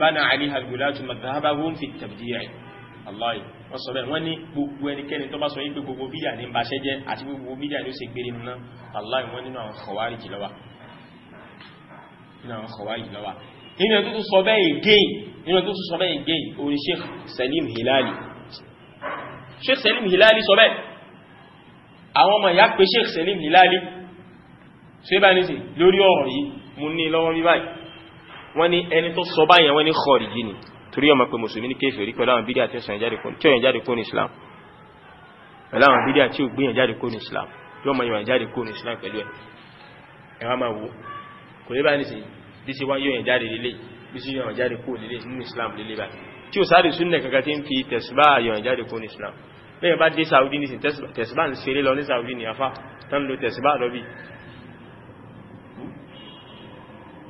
bana 'alayha al-gulatu madhhabahum fi at aláì wọ́n sọ bẹ́ẹ̀ wọ́n ní gbogbo ẹnikẹ́ni tó bá sọ wípé gbogbo bídà ní baṣẹ́ jẹ́ àti gbogbo bídà ní ó sì gbére nínú aláì wọ́n nínú àwọn kọ̀wárì jì lọ́wà nínú ẹ̀tún tó sọ bẹ́ẹ̀ gẹ́ì nínú ẹ̀tún tó sọ bẹ́ẹ̀ gẹ́ì orí Sheikh Salim Hilali Sheikh Salim Hilali sọ bẹ́ẹ̀ àwọn ọmọ ìyá pé Sheikh torí ọmọ pé mùsùlùmí ní kéfèrí pẹ̀lú àwọn bídíà tí ó yàn jáde kó ní islam pẹ̀lú àwọn bídíà tí ó gbìyàn jáde kó ní islam yóò mọ̀ yàn jáde kó ní islam pẹ̀lú ẹ̀ ẹ̀wà máa wo kò lè bá ní sí bí sí wá yóò jáde lélẹ̀ islam lélẹ̀ bá tí ó sáré súnnà kankan tí ń fi tẹ̀síbá islam lẹ́yìn bá dé saudi ní tẹ̀síbá ń ṣeré lọ ní saudi ní afá tán lo tẹ̀síbá lọ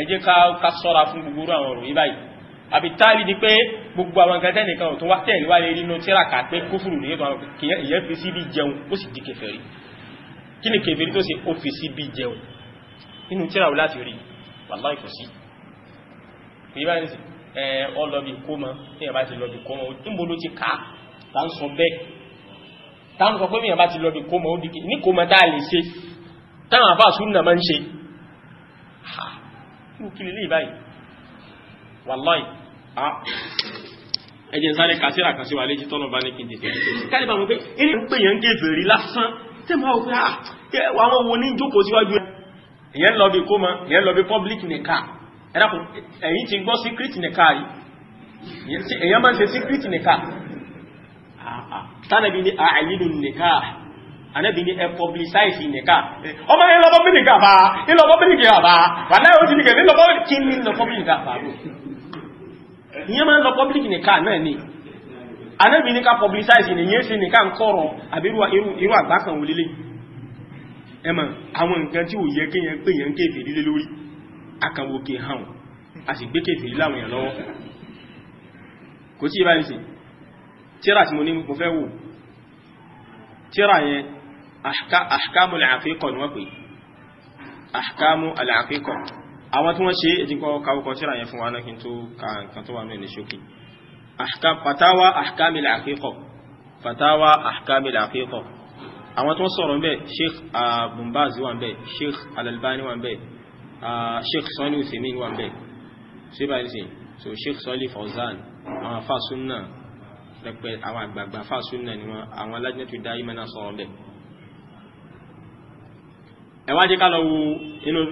ẹ jẹ́ ká sọ́ra fún gbogbo àwọn ọ̀rọ̀ yìí báyìí àbí táàlì ni pé gbogbo àwọn nǹkan tẹ́nìkan ò tó wá tẹ̀lé wá lè rí inú tíraka pé kófùrù nìyẹn tó ìyẹn fi sí ibi jẹun ó sì di kèfèrí kí ni kèfèrí tó ṣe ó fi sí ibi jẹun inú tíra ò láti rí wàláì kò sí bí bá ní sí ẹ ọlọ́bì kó mọ ní ẹ̀bá ti lọ́bì kó mọ níbo ló ti kà tá ń sọ bẹ́ẹ̀ tá ń sọ pé míyàn bá ti lọ́bì kó mọ ó di kèfèrí ní kó mọ tá lè ṣe táwọn àfáà irú kí lélẹ́yìí báyìí wàláì a ah. ẹ̀jẹ̀ ń sáré kásírà kásí wa léjì tọ́nà bá ní kí n tètè kárí bá mọ̀ pé ilé ń pè yẹn ń gèfèrí lásán tẹ́ máa wọ́n pé ah, àwọn wo ní jókòó síwájú ìyẹn ń lọ bí kó mọ ìyẹn ń lọ bí public nìka ẹ̀dàkùn ẹ̀yìn ti gbọ́ secret nìka yìí èyàn máa ń ṣe secret nìka ah, tánàbí ní àyílù nìka Ànábì ní ẹ publicize nìka ọmọ yẹn lọ́bọ́ bíi nìka bá ìlọ́bọ́ bíi nìka bá wàlá yóò ti nìka ní lọ́bọ́ kí ní lọ́bọ́ bíi nìka bá lò ìyẹn máa ń lọ public nìka náà ni Ànábì ní ká publicize nìyẹn sí nìka ń kọ̀rọ̀ àbí irú àgbá kan wò lélẹ̀ ẹ mọ̀ àwọn nǹkan tí ò yẹ kéèyàn pé yẹn ń kéèfè lílé lórí akàwòkè hàn a sì gbé kéèfè láwọn èèyàn lọ́wọ́ kò tí ì báyìí sí tíra tí mo ní mo fẹ́ wò tíra yẹn ahkamu al-aqiqa ni wọ́n pè ahkamu al-aqiqa àwọn tí wọ́n ṣe ìdíkọ́ kawọ́kọ́ síra yẹn fún wa náà kí n tó ka nǹkan tó wà ní ẹni ṣókí fatawa ahkamu al-aqiqa fatawa ahkamu al-aqiqa àwọn tí wọ́n sọ̀rọ̀ mbẹ́ sheikh bumbazi wà mbẹ́ sheikh al-albani wà sheikh sani usaimin wà mbẹ́ ṣé báyìí sìn so sheikh sali fawzan àwọn afa sunna rẹpẹ àwọn àgbààgbà afa sunna ni wọn àwọn alájẹ tó dá yìí mẹ́ta sọ̀rọ̀ mbẹ́ ẹ wá jẹ́ ká lọ wo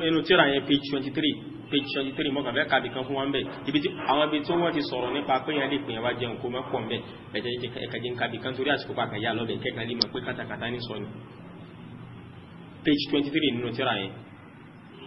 inú tíra yẹn page twenty three page twenty three mọ́kàn fẹ́ kàbí kan fún wa ń bẹ̀ ibi tí àwọn ibi tí wọ́n ti sọ̀rọ̀ nípa pé yẹn lè pè yẹn wá jẹun kó má pọ̀ ń bẹ̀ bẹ̀jẹ̀ ẹ̀ka jẹ́ kàbí kan torí àsìkò pàkà yà lọ́bẹ̀ kẹ́kàn mọ̀ pé kátàkátà ní sọ ni page twenty three nínú tíra yẹn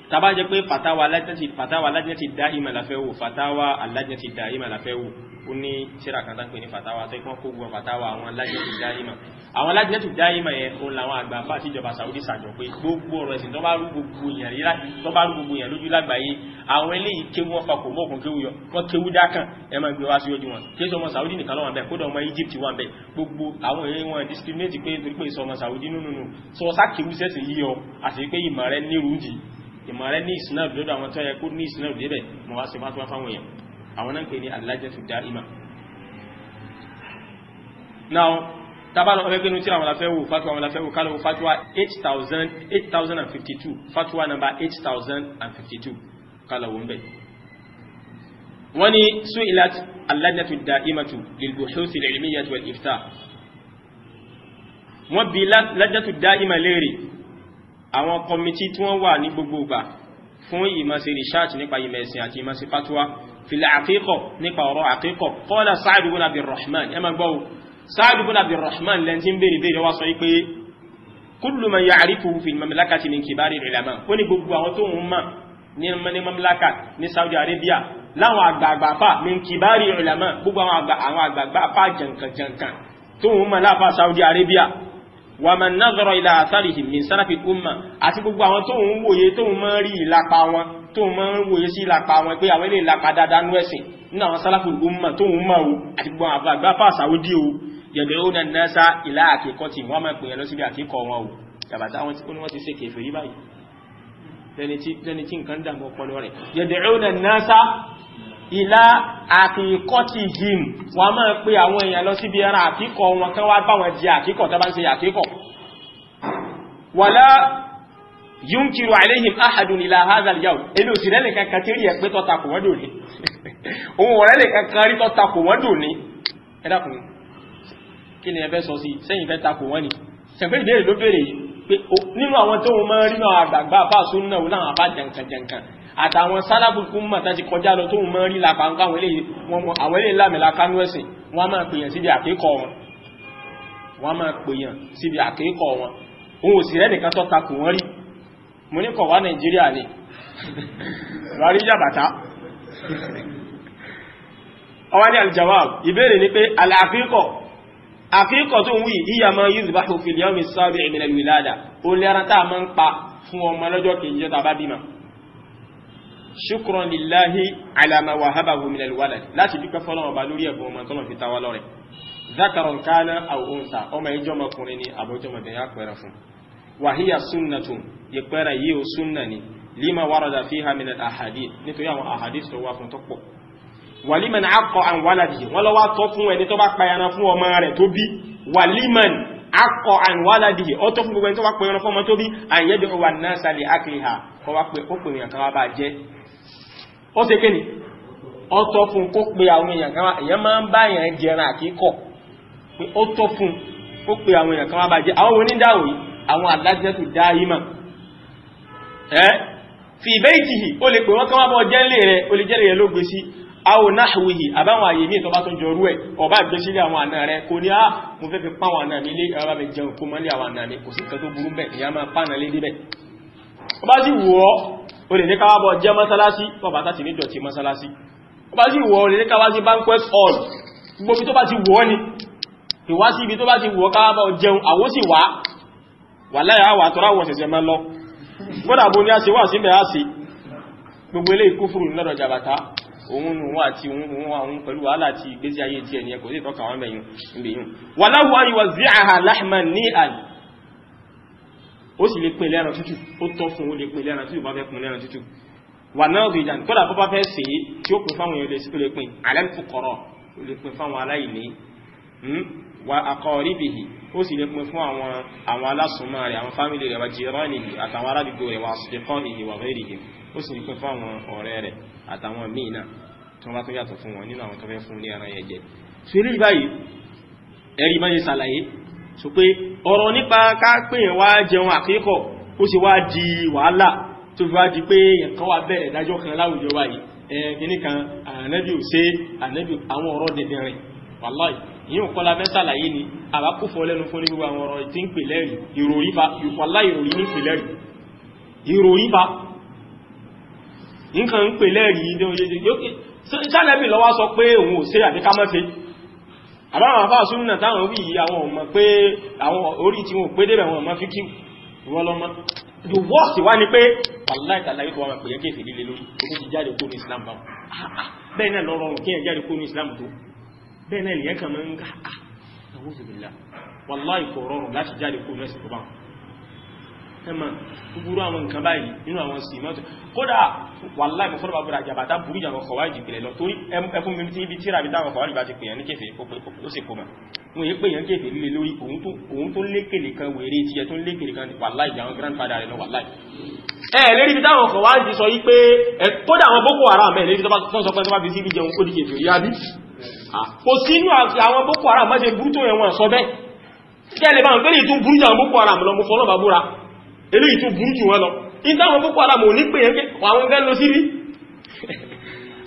tàbá jẹ́ pé fatawa alájẹ́tì fatawa alájẹ́tì dá ìmọ̀ làfẹ́ wò fatawa alájẹ́tì dá ìmọ̀ làfẹ́ wò ó ní tíra kan tán pé ní fatawa tó ikú kó gbọ́ fatawa àwọn alájẹ́tì dá ìmọ̀ àwọn alájẹ́tì dá ìmọ̀ yẹn ó làwọn àgbà fà sí ìjọba Saudi sàjọ pé gbogbo ọ̀rọ̀ ẹ̀sìn tó bá rú gbogbo èèyàn lójú lágbàáyé àwọn eléyìí kéwú wọn fakò mọ́kùn kéwú yọ wọn kéwú dákàn ẹ máa gbé wá sí ojú wọn kéwú ọmọ Saudi nìkan lọ́wọ́ bẹ́ẹ̀ kódà ọmọ Egypt wà bẹ́ẹ̀ gbogbo àwọn èyí wọn discriminate pé torí pé ìsọ ọmọ Saudi nínú nù sọ sáà kéwú sẹ́sìn yíyọ àti pé ìmọ̀ rẹ nírú dì ìmọ̀ rẹ ní isnab lọ́dọ̀ àwọn tó yẹ kó ní isnab débẹ̀ mọ̀ wá sí fáfá fáwọn èèyàn àwọn náà ń pè ní alájẹ́tù dáìmà now tábàlọ́ ọ̀fẹ́ pé nùtí àwọn afẹ́wò fatwa àwọn afẹ́wò kálọ̀wò fatwa 8052 fatwa number 8052 kálọ̀wò ń bẹ̀ wọ́n ní su'ilat alájẹ́tù dáìmàtù lilbuhuthi al-ilmiyyati wal-ifta wọ́n bi lájẹ́tù dáìmà léèrè àwọn kọmití tí wọ́n wà ní gbogbo ìgbà fún ìmọ̀sí research nípa ìmẹ̀sìn àti ìmọ̀sí fatuwa fìlà àkíkọ̀ nípa ọ̀rọ̀ àkíkọ̀ kọ́lá sáàdù bùn àbí rahman ẹ máa gbọ́ o sáàdù bùn àbí rahman lẹ́ni tí ń béèrè béèrè wá sọ pé kúlù mọ̀ yàrá ìfò fi mamlakati ní kìbárì ìlàmà ó ní gbogbo àwọn tó ń mọ̀ ní mamlaka ní Saudi Arabia láwọn àgbààgbà fà ní kìbárì ìlàmà gbogbo àwọn àgbààgbà fà jànkànjànkàn tó ń mọ̀ láfà Saudi Arabia wa man nazara ila atharihim min sanafi umma àti gbogbo àwọn tó ń wòye tó ń mọ́ rí ìlapa wọn tó ń mọ́ wòye sí ìlapa wọn pé àwọn ilé ìlapa dáadáa nú ẹ̀sìn nínú àwọn salafi umma tó ń mọ́ o àti gbogbo àwọn àgbà fà sàwódì o yad'una nasa ila aqiqati wọ́n máa pè é lọ síbi àkíkọ̀ wọn o yàbàtà wọn ni wọ́n ti ṣe kèfèrí báyìí lẹ́ni tí nǹkan dààmú ọpọlọ rẹ̀ yad'una nasa ìlà àkíkọ́tìhìm wọ́n máa pè àwọn èèyàn lọ síbi ẹran àkíkọ̀ wọn kán wá bá wọn jẹ àkíkọ̀ tó bá ń ṣe àkíkọ̀ wala yunkiru alayhim ahadun ila hadha al-yawm ebi o si rẹ nìkan kan tẹ́rí ẹ̀ pé tọ́ta kò wọ́n dòní [LAUGHS] òun ọ̀rẹ́ nìkan kan rí tọ́ta kò wọ́n dòní ẹ dákun kí ni ẹ fẹ́ sọ sí sẹ́yìn fẹ́ ta kò wọ́n ni sẹ̀fẹ́ ìbéèrè ló béèrè pé nínú àwọn tó wọn máa rí náà àgbàgbà àbá náà wọn láwọn àbá jẹnkanjẹnkan àtàwọn sálàbùkù mọ̀tá ti kọjá lọ tóun mọ́ rí lápá nǹkan àwọn eléyìí àwọn eléyìí lámìlá kánú ẹ̀sìn wọ́n máa pèèyàn síbi àkékọ̀ wọn wọ́n máa pèèyàn síbi àkékọ̀ wọn òun ò sì tó takò wọ́n rí mo ní kọ̀ nàìjíríà ni rárí [LAUGHS] jàbàtà ọwá ní aljawab ìbéèrè ni pé aláàfíkọ̀ àfíkọ̀ tó ń wí ìyà máa yìí zùbá fil yawmi sabi'i min alwilada ó lẹ́ran tá a máa ń pa fún ọmọ lọ́jọ́ kejì jọ́ta bá bímọ ṣukran lillahi alama wahabahu min alwalad láti dúpẹ́ fọ́lọ́run ọba lórí ẹ̀bùn ọmọ tọ́lọ̀ fi tawá lọ́rẹ̀ zakaron kana aw unsa ọmọ ẹjọ́ ọmọkùnrin ni àbójọ́ ọmọbìnrin apẹ̀rẹ̀ fún wàhíyà sunnatun yẹpẹ̀rẹ̀ yìí ó sunna ni lima warada fiha min alahadith nítorí àwọn ahadith tó wá fún tó pọ̀ wàlíman akọ àn waladihi wọn lọ́wọ́ tọ́ fún ẹni tó bá payana fún ọmọ rẹ̀ tó bí wàlíman akọ àn waladihi ó tọ́ fún gbogbo ẹni tó bá payana fún ọmọ tó bí àyẹ̀dẹ̀ wà náà sálẹ̀ kọ́ wá pé ó pè yàn kan bá jẹ́ ó ṣe kí ni ó tọ́ fún kó pe àwọn èèyàn kan wá èèyàn máa ń bá èèyàn jẹran àkíkọ̀ pé ó tọ́ fún kó pe àwọn èèyàn kan wá bá àwọn onídàáwò yìí àwọn alájẹ́tù dáhìmà ẹ́ fi ìbẹ́ìtìhì ó lè pè wọ́n kán wá bọ́ jẹ́lé rẹ̀ ó lè jẹ́lé rẹ̀ ló àbáwọn àyè mí ìtọ́bá tó ẹ̀ ọba àwọn àna rẹ̀ kò ní á ah, mo fẹ́ fi pán àwọn àna mi lé ẹ̀rọ mi jẹun kó mọ́lé àwọn àna mi kò sí o lè ní káwàbọ̀ jẹ́ mọ́sálásí ọba tàti ní dọ̀tí mọ́sálásí ọba sí ìwọ̀ o lè ní káwàsí banquet hall gbogbo ibi tó bá ti wọ́ ni ìwá sí ibi tó bá ti wọ́ káwàbọ̀ jẹun àwó sì wá wà láyà wà tọ́rà wọ̀ sẹ̀sẹ̀ mọ́ lọ gbọ́dà bo ní a ṣe wà sí mẹ́ra ó sì lè pín lẹ́ran tútù ó tọ́ fún ó lè pín lẹ́ran tútù bá fẹ́ pín lẹ́ran tútù wà náà rí ìjàn kódà bó bá fẹ́ sè é tí ó pín fáwọn èèyàn lè pín alẹ́ fòkọ̀rọ̀ ó lè pín fáwọn aláìní hmm? wa aqaribihi ó sì lè pín fún àwọn àwọn alásùnmọ́ rẹ̀ àwọn fámìlì rẹ̀ wa jiranihi àtàwọn aládùúgbò rẹ̀ wa asdiqaihi wa ghairihi ó sì lè pín fún àwọn ọ̀rẹ́ rẹ̀ àtàwọn míì náà tó bá tó yàtọ̀ fún wọn nínú àwọn tó fẹ́ fún ní ẹran yẹn jẹ. sórí báyìí ẹ̀rí máa ń ṣàlàyé so pé ọ̀rọ̀ nípa ká pè yẹn wá jẹun àkíkọ̀ ó sì wá di wàhálà tó fi wá di pé yẹn kan wá bẹ̀rẹ̀ ìdájọ́ kan láwùjọ wa yìí ẹ̀ẹ́gìní kan ànábì ò ṣe ànábì àwọn ọ̀rọ̀ dẹ̀dẹ̀ rìn wàláì ìyẹn kọ́lá mẹ́tàlá yìí ni àbákùfọ́ lẹ́nu fún ní gbogbo àwọn ọ̀rọ̀ tí ń pè lẹ́rìí ìròrí fa ìfọ̀lá ìròrí ní pè lẹ́rìí ìròrí fa nǹkan ń pè lẹ́rìí ìdẹ́wọ̀n yóò sálẹ́bì lọ́wọ́ sọ pé òun ò ṣe àbíkámọ́ṣe àbáwọn àfáà súnmọ̀ táwọn orí yìí àwọn ọmọ pé àwọn orí tí wọ́n pé débẹ̀ wọn ọmọ fíkí wọ́n lọ́mọ the worst wá ni pé wàláì tàlá yóò wà pè yẹ́kẹ́ ìfèlélé lórí ó ti jáde kó ní Islam báwọn bẹ́ẹ̀ náà lọ́rọ̀ kí ẹ jáde kó ní Islam tó bẹ́ẹ̀ náà ẹmà gbogbo àwọn nǹkan báyìí nínú àwọn sì mọ́tò kódà wàláì mọ̀ fọ́lọ́bà búra jàbátá burú ìjà ọkọ̀ wáyé jìpìlẹ̀ lọ torí ẹfún mi tí ibi tíra àbítá ọkọ̀ wáyé bá ti pèèyàn ní kẹfẹ́ ó sì kọmà wọn yìí pèèyàn kẹfẹ́ líle lórí òun tó lékèlè kan wèrè tíyẹ tó lékèlè kan wàláì jà àwọn grandfather rẹ̀ lọ wàláì ẹ lérí ibi táwọn ọkọ̀ wáyé sọ yí pé kódà àwọn boko haram ẹ lérí tó sọ pé tó bá fi sí ibi jẹun ó di kẹfẹ́ rí àbí kò sínú àwọn boko haram má ṣe burú tó yẹn wọn sọ bẹ́ẹ̀ kẹ́lẹ̀ bá ń pẹ́lẹ̀ tún burú jà àwọn boko haram lọ mo fọ́nà bá búra eléyìí tó burú jù wọ́n lọ ìtàwọn Boko Haram ò ní pè yẹn pé àwọn gẹ́ lọ sí rí [LAUGHS]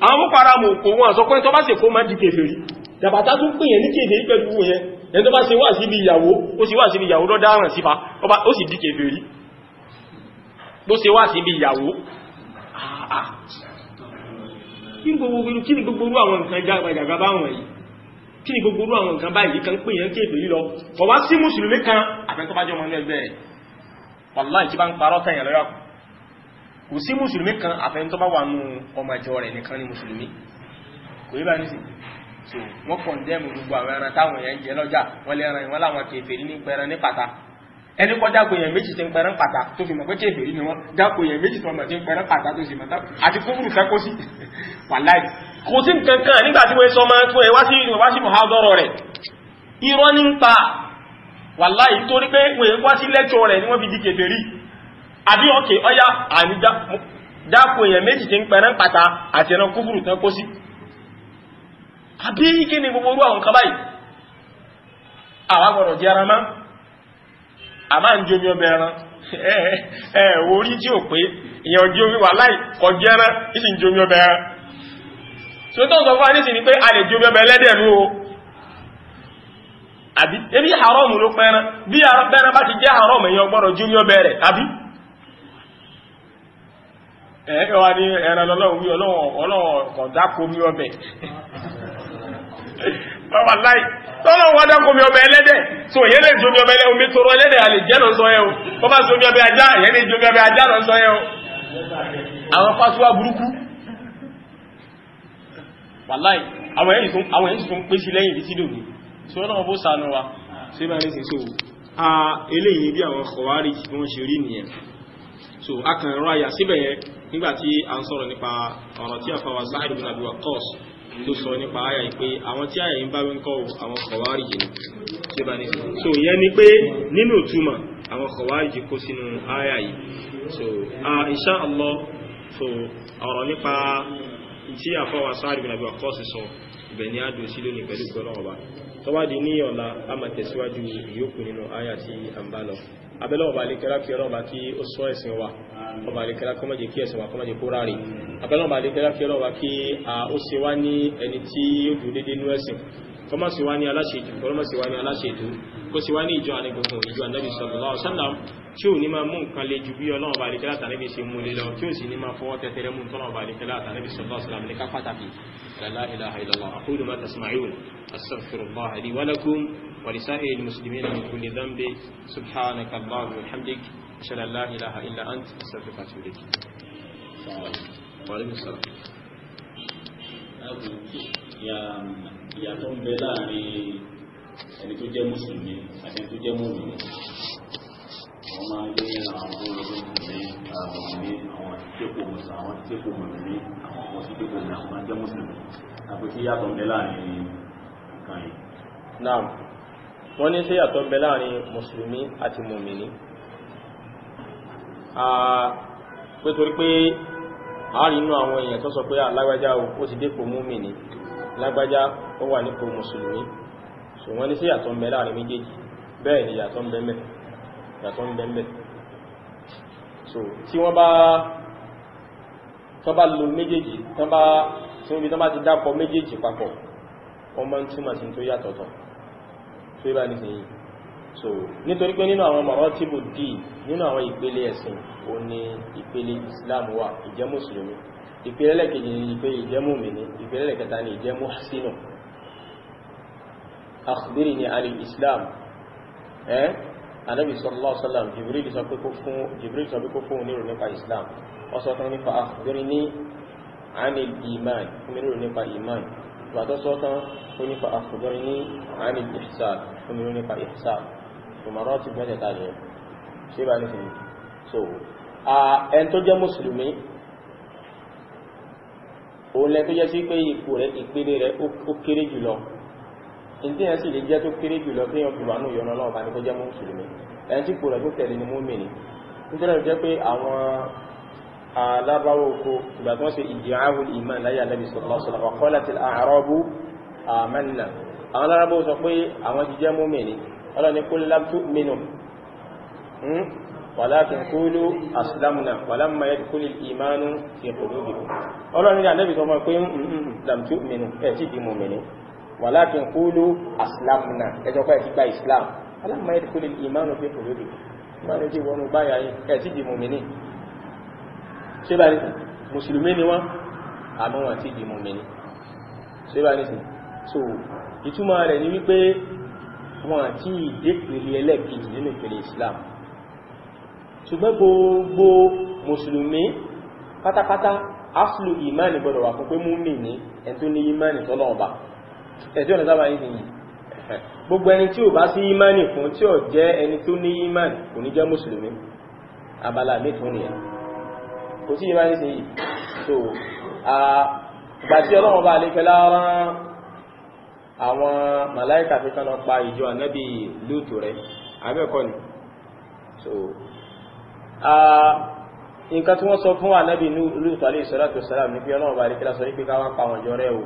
àwọn Boko Haram kò wọ́n sọ pé tó bá ṣe kó má di kèfèrí jàbàtà tó pè yẹn ní kèfèrí pẹ̀lú yẹn ẹni tó bá ṣe wà síbi ìyàwó ó sì wà síbi ìyàwó lọ dáràn sípa ó sì di kèfèrí bó ṣe wà síbi ìyàwó kí ni gbogbo àwọn nǹkan jàgbàjàgbà báwọn yìí kí ni gbogbo àwọn nǹkan báyìí kan pè yẹn kèfèrí lọ kọ̀wá sí mùsùlùmí kan àfẹ́tọ́bájọ́ ní ẹgbẹ́ wàláì tí bá ń parọ́ tẹ̀yàn lọ́yọ́ kù sí mùsùlùmí kan àfẹ́ntọ́ bá wà nú ọmọ ìjọ rẹ̀ nìkan ni mùsùlùmí kò yí bá ní sí so wọ́n kọ̀ndẹ́mù gbogbo àwọn ẹran táwọn èèyàn jẹ lọ́jà wọ́n lè ran ìwọ́n láwọn kèfèrí ní pẹran ní pàtà ẹni kọ́ dáko èèyàn méjì tí ń pẹran pàtà tó fi mọ̀ pé kèfèrí ni wọ́n dáko èèyàn méjì tó mọ̀ tí ń pẹran pàtà tó sì mọ̀ tán àti kúrú fẹ́ kó sí [LAUGHS] wàláì kò sí nǹkan kan nígbà tí wọ́n sọ ọmọ tó ẹ wá sí wá sí mọ̀hádọ́rọ̀ rẹ̀ irọ́ ní ń pa wàláì torí pé wọ́n èyí wá sí lẹ́tọ̀ rẹ̀ ni wọ́n fi di kèfèrí àbí ọkẹ̀ ọya àní dákò èèyàn méjì tí ń pẹ̀rẹ́ pàtà àti ẹran kúfùrù tán kó sí àbí kí ni gbogbo orú àwọn kábáyì àwọn gbọ́dọ̀ jẹ́ ara máa àmá ń jomi ọbẹ̀ ẹran ẹ orí tí ò pé èèyàn jomi wàláì kọjẹ́ ẹran ìsìn jomi ọbẹ̀ ẹran tó tọ́ sọ fún wa nísìn pé a lè jomi ọbẹ̀ ẹlẹ́dẹ̀ lú àbí ebi haram ló pẹ́ran bí pẹ́ran bá ti jẹ́ haram èyàn gbọ́rọ̀ junior bẹ̀rẹ̀ àbí ẹ̀ẹ́kẹ́ wa ní ẹran lọ́lọ́wọ́ wí ọlọ́wọ́ kọ̀dákò mi ọbẹ̀ bàbá [LAUGHS] láì tọ́lọ̀ wọ́n dákò mi ọbẹ̀ ẹlẹ́dẹ̀ tó yẹ́ lè jomi ọbẹ̀ ẹlẹ́dẹ̀ omi tọrọ ẹlẹ́dẹ̀ alè jẹ́ lọ sọ ẹ́ o wọ́n bá jomi ọbẹ̀ ajá yẹ́ lè jomi ọbẹ̀ ajá lọ sọ ẹ́ o àwọn so ọlọ́run bó sànú wa ṣe bá ní sísò a eléyìí bí àwọn kọ̀wárì bí wọ́n ṣe rí nìyẹn so a kàn rọ àyà síbẹ̀ yẹn nígbà tí a ń sọ̀rọ̀ nípa ọ̀rọ̀ tí àfàwà Sa'id bin Abi Waqqas ló sọ nípa àyà yìí àwọn tí àyà ń bá wí ń kọ́ àwọn kọ̀wárì yìí ṣe bá ní so ìyẹn ni pé nínú ìtumọ̀ àwọn kọ̀wárì yìí kó sínú àyà yìí so a insha Allah so ọ̀rọ̀ nípa tí àfàwà Sa'id bin Abi tọ́wádì ní ọ̀la a máa tẹ̀síwájú ìyókù nínú àyà tí a ń bá lọ abẹ́lẹ̀ ọba alékẹ́lá kí ọlọ́ọ̀bá kí ó sọ ẹ̀sìn wa ọba alékẹ́lá kọ́ mẹ́jẹ kí ẹ̀sìn wa kọ́ mẹ́jẹ kó ráre abẹ́lẹ̀ ọba alékẹ́lá kí ọlọ́ọ̀bá kí a ó ṣe wá ní ẹni tí ó dùn dédé nú ẹ̀sìn kọ́mọ̀ sí wá ní aláṣẹ ètò kọ́mọ̀ sí wá ní aláṣẹ ètò kó sì wá ní ìjọ àníkùnkùn ìjọ ànábì sallallahu tí ò ní máa mú nǹkan le jù bí ọlọ́run bá lè kẹ́lá tàbí ṣe mú lè lọ tí ò sì ní máa fọwọ́ tẹ́tẹ́rẹ́ mú tọ́lọ́run bá lè kẹ́lá tàbí sallallahu alaihi wasallam ní ká pàtàkì la ilaha illallah aqulu ma tasma'un astaghfirullah li wa lakum wa li sa'iril muslimina min kulli dhanbin subhanaka allahumma wa bihamdik wọ́n máa ń gbé àwọn tó lọ sí mùsùlùmí àwọn tí kò mùsùlùmí àwọn tí kò mùsùlùmí àwọn ọmọ tí kò mùsùlùmí àwọn máa jẹ́ mùsùlùmí àpò kí yàtọ̀ ń bẹ láàrin nǹkan yìí. naam wọ́n ní sí yàtọ̀ ń bẹ láàrin mùsùlùmí àti mùmìnì pé torí pé àárín inú àwọn èèyàn tó sọ pé alágbájá ó ti dépò mùmìnì lágbájá ó wà nípò mùsùlùmí so wọ́n ní sí bẹ láàrin méjèèjì bẹ́ẹ̀ ni yàtọ̀ ń bẹ mẹ́fẹ́ yàtọ̀ ń bẹ̀m̀bẹ̀ so tí wọ́n bá tán bá lo méjèèjì tán bá tí wọ́n bí tán bá ti dápọ̀ méjèèjì papọ̀ wọ́n máa ń túmọ̀ sí tó yàtọ̀tọ̀ tó yẹ bá ní sí yìí so nítorí pé nínú àwọn mọ̀rọ́tìbù dì nínú àwọn ìpele ẹ̀sìn ó ní ìpele Islam wà ìjẹ́ mùsùlùmí ìpele lẹ́kẹ̀jì ni ìpele ìjẹ́ mùmìnì ìpele lẹ́kẹta ni anábì sallallahu alaihi wasallam jibril sọ pé kó fún onírò nípa islam ó sọ tán nípa akhbirni anil iman onírò nípa iman ìgbà tó sọ tán ó nípa akhbirni anil ihsan onírò nípa ihsan ìmọ̀ràn ti gbẹ́jẹ̀ tà nìyẹn ṣé bá nífẹ̀ẹ́ so ẹn tó jẹ́ mùsùlùmí òun lẹ́ tó jẹ́ sí pé ipò rẹ̀ ìpele rẹ̀ ó kéré jùlọ ntí yẹn sì lè jẹ́ tó kéré jùlọ pé yẹn fi wà nù yọ̀nà náà bá ní kó jẹ́ mùsùlùmí ẹni tí kò rẹ̀ tó tẹ̀lé ni mùmínì nítorí ó jẹ́ pé àwọn alábáwò oko ìgbà tí wọ́n ṣe ìdíyàwó ìmán láyé anábì sallallahu alaihi wasallam qalat al-a'rabu amanna àwọn alábáwò sọ pé àwọn ti jẹ́ mùmínì ọlọ́ni qul lam tu'minu hmm, walakin qulu walakin qulu aslamna ẹjọ́ pẹ́ ti gba islam aláàmà yadkhulul imanu fi qulubi ìmánu jẹ́ wọnú báyà ẹ̀ ti di mùmìnì ṣé bá ní mùsùlùmí ni wọ́n àmọ́ wọn ti di mùmìnì ṣé bá ní so ìtumọ̀ rẹ̀ ni wípé wọn àti ìdépele ẹlẹ́ẹ̀kejì nínú ìpele islam ṣùgbọ́n gbogbo mùsùlùmí pátápátá aslu ìmáàni gbọdọ̀ wà fún pé mú mi ní ẹ̀tí ọ̀nà sábà yìí nìyí gbogbo ẹni tí ò bá sí imani, fún tí ò jẹ́ ẹni tó ní ìmánì kò ní jẹ́ mùsùlùmí abala mi fún kò sí ìmánì sí yìí so gbàtí ọlọ́run bá lè fẹ́ láàrán àwọn màláìkà fi kan lọ pa ìjọ ànábì lóòtù rẹ̀ abẹ́ẹ̀kọ́ ni so nǹkan tí wọ́n sọ fún ànábì lóòtù alayhi salatu wassalam ní pé ọlọ́run bá lè fẹ́ lásọ ní káwọn pa àwọn ìjọ rẹ̀ o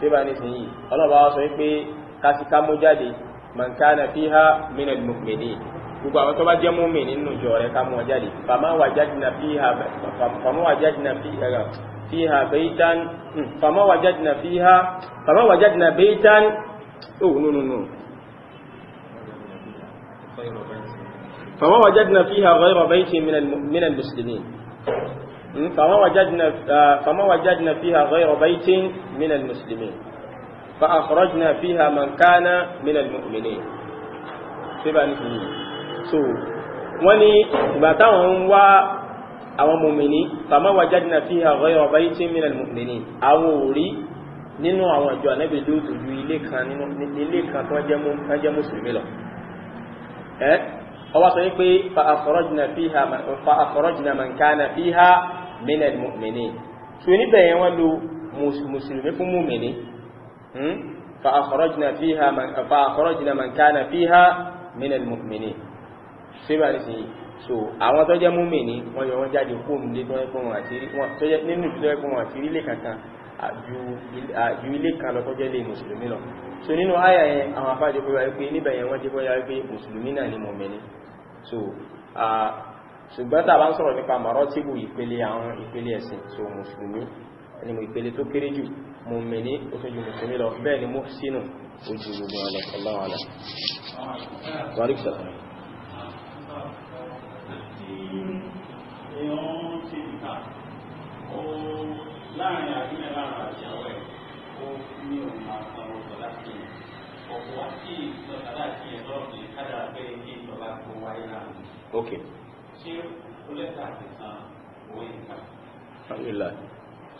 ṣé bá ní sìn yìí ọlọ́ba wa sọ pé kásíká mú jáde mọ̀nkánà fi há mínà mọ̀kùnmẹ́dẹ́ gbogbo àwọn tó bá jẹ́ mọ́mì nínú ìjọ rẹ̀ ká mú wọn jáde fàmà wà jáde na fi há fàmà wà jáde na fi há fàmà wà jáde na fàmà wà jáde na ó nù nù nù. fàmà wà jáde na fi há ghayra baytin mínà mùsùlùmí. فما وجدنا فما وجدنا فيها غير بيت من المسلمين فأخرجنا فيها من كان من المؤمنين síbà ní ìyí so wọ́n ní ìgbà táwọn ń wá àwọn mùmìnì fama wajadna fiha ghayra baytin min al-mu'minin àwọn ò rí nínú àwọn ìjọ ànábì lóòtù ju ilé kan nínú ilé kan tó jẹ́ mùsùlùmí lọ ẹ ọwọ́ sọ wípé fa akhrajna fiha fa akhrajna man kana fiha من mu'minin so níbẹ̀ yẹn مسلمين lo mùsùlùmí fún mùmìnì من hmm? akhrajna man kana fiha minal mu'minin so ibà ní sìn so àwọn tó jẹ́ mùmìnì wọ́n yọ wọ́n jáde kó nílé tó ẹkùn wọn àti nínú ìpínlẹ̀ ẹkùn wọn àti ilé kankan àjú ilé kan lọ tó jẹ́ lé mùsùlùmí lọ so nínú àyà yẹn àwọn afájọ pé wáyé pé níbẹ̀ yẹn wọ́n jẹ́ pé mùsùlùmí náà ni mùmìnì so ṣùgbọ́n tàbá ń sọ̀rọ̀ nípa mọ̀rọ́tíbù ìpele àwọn ìpele ẹ̀sìn tó mùsùlùmí ẹni mo ìpele tó kéré jù mo mẹ́ ní oṣooṣù mùsùlùmí lọ bẹ́ẹ̀ ni mo sínú ojú gbogbo ọlọ ọlọ́wọ́ alẹ́ ṣé ó lẹ́tà àti san owó ìka. alhamdulilayi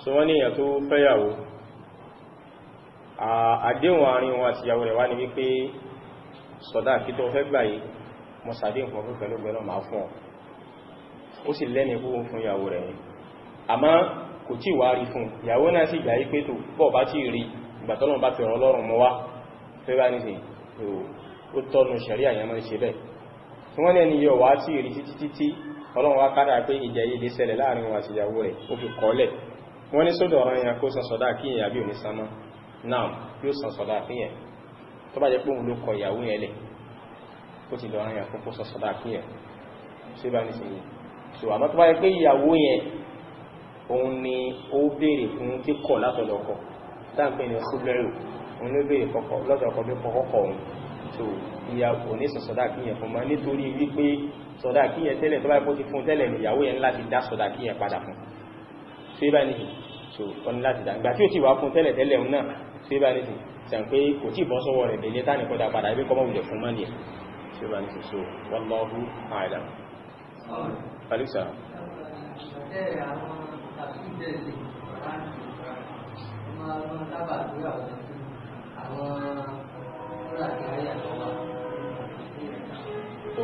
so wọ́n ní èèyàn tó fẹ́yàwó àdéhùn àárín wọn àti ìyàwó rẹ̀ wá ní wípé sọ̀dá kí tó fẹ́ gbà yìí mo sàdéhùn fún pẹ̀lú gbẹ̀rọ máa fún ọ ó sì lẹ́ni kú fún ìyàwó rẹ̀ yìí àmọ́ kò tí wà rí fún ìyàwó náà sì gbà yí pé tó pọ̀ bá tí rí ìgbàtọ́lọ́run wọ́n ní ẹni yọ wá sí ìrí títí títí ọlọ́run wá kádà pé ìjẹ yìí lè ṣẹlẹ̀ láàrin wọn àti ìyàwó rẹ̀ ó fi kọ́lẹ̀ wọ́n ní sódò ọ̀rọ̀ yẹn kó san sọ̀dá kíyàn àbí òní sánmọ́ náà yóò san sọ̀dá kíyàn tó bá jẹ́ pé òun ló kọ ìyàwó yẹn lẹ̀ ó ti lọ́rọ̀ yẹn kó san sọ̀dá kíyàn ṣé bá yẹn ni ó béèrè so ìyá kò ní san sọ̀dá kíyàn fún ma nítorí wípé sọ̀dá kíyàn tẹ́lẹ̀ tó bá kó ti fún tẹ́lẹ̀ ìyàwó yẹn láti dá sọ̀dá kíyàn padà fún so ibà nìyí so ọ ní láti dá ìgbà tí ó ti wà fún tẹ́lẹ̀ tẹ́lẹ̀ náà so ibà nìyí sàn pé kò tí bọ́ sọ́wọ́ rẹ̀ bèlé tá nìkan dá padà ibi kọ́mọ́ wulẹ̀ fún mọ́ni wọ́n lọ́ hú àìdá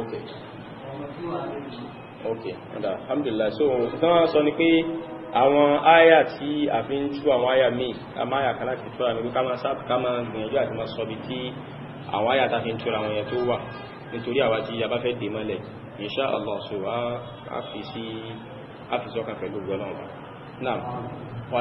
ok ok ọ̀dà alhamdulillah so tí wọ́n sọ ni pé àwọn àyà tí a fi ń tú àwọn àyà míì a máa yà kan láti tú àwọn ẹgbẹ́ ká máa gbìyànjú àti máa sọ bí tí àwọn àyà tá fi ń túra àwọn èèyàn tó wà nítorí àwa tí a bá fẹ́ dè mọ́lẹ̀ insha Allah so a fi sí a fi sọ́kàn pẹ̀lú gbọ́nà wa náà wà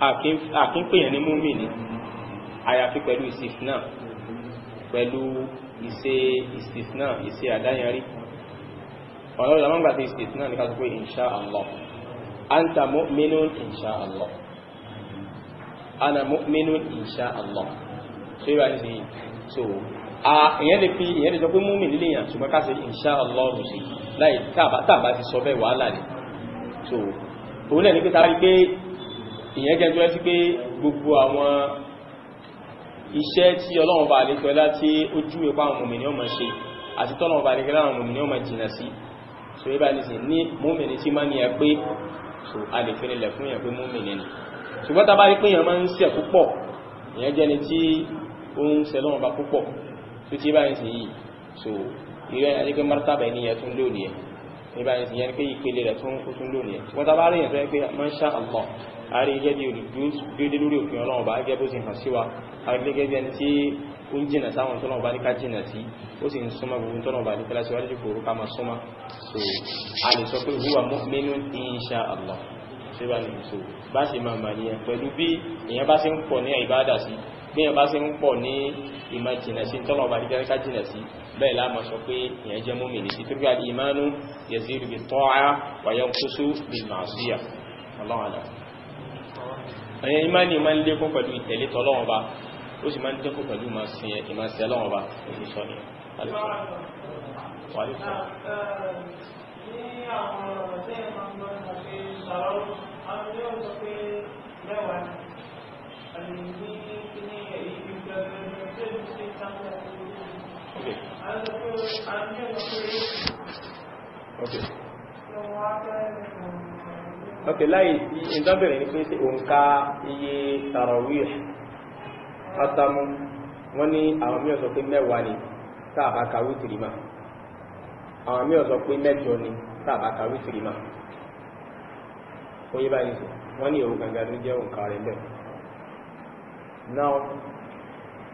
àkínpèyàn ní múmìnì àyàfi pẹ̀lú ìsìfìnà pẹ̀lú ìṣe ìsìfìnà ìṣe àdáyẹrí ọ̀rọ̀ ìlànà gbàtí ìsìfìnà ní káàkiri pé insha Allah anta mu'minun insha Allah ana mu'minun insha Allah so yíwa ní sí so ìyẹn lè fi ìyẹn lè sọ pé múmìnì lèyàn ṣùgbọ́n ká sí insha Allah sí láì tàbá ti sọ bẹ́ẹ̀ wàhálà ni so òun náà ní pé tàbí pé ìyẹn jẹ́ tó ẹ́ sí pé gbogbo àwọn iṣẹ́ tí ọlọ́run bá àlékọ́ láti ojú ipa àwọn mòmìnì ọmọ ṣe àti tọ́lọ́run bá àlékọ́ láwọn mòmìnì ọmọ jìnà sí so ibà ní sin ní mòmìnì tí máa ní ẹ pé so a lè fẹ́rẹ̀ lẹ̀ fún yẹn mòmìnì ni ṣùgbọ́n tá bá rí pé yẹn máa ń ṣe púpọ̀ ìyẹn jẹ́ ni tí ó ń ṣe lọ́run bá púpọ̀ tó ti ibà ní sin yìí so ìrẹ́ àdékẹ́ mártàbà ẹni yẹn tún masha Allah àrí gẹ́gẹ́ bí olùdúdé lórí òfin ọlọ́run bá gẹ́gẹ́ bó ti hàn sí wa àrí gẹ́gẹ́ bí ẹni tí ó ń jìnà sáwọn tọ́lọ̀ bá ní ká jìnà sí ó sì ń súnmọ́ gbogbo tọ́lọ̀ bá ní kí láti wájú kòrò ká máa súnmọ́ so a lè sọ pé huwa mu'minun insha Allah ṣé bá ní so bá sì máa mà nìyẹn pẹ̀lú bí èèyàn bá ẹ̀yẹ ìmáni máa ń lékún pẹ̀lú ìtẹ̀lé tọ́lọ́wọ́n bá ó sì máa ń lékún pẹ̀lú ìmọ̀sẹ̀lọ́wọ́n bá èyí sọ ni Okay. Okay ok láyé sí ìdánbẹ̀rẹ̀ ní pé ṣe òǹkà iye tarawih asamu wọ́n ní àwọn mí ọ̀sọ̀ pé mẹ́wàá ni sáàbà kawí tìrìmà àwọn mí ọ̀sọ̀ pé mẹ́jọ ni sáàbà kawí tìrìmà ó yé báyìí sọ wọ́n ní òun gangan ló jẹ́ òǹkà rẹ̀ bẹ́ẹ̀ náà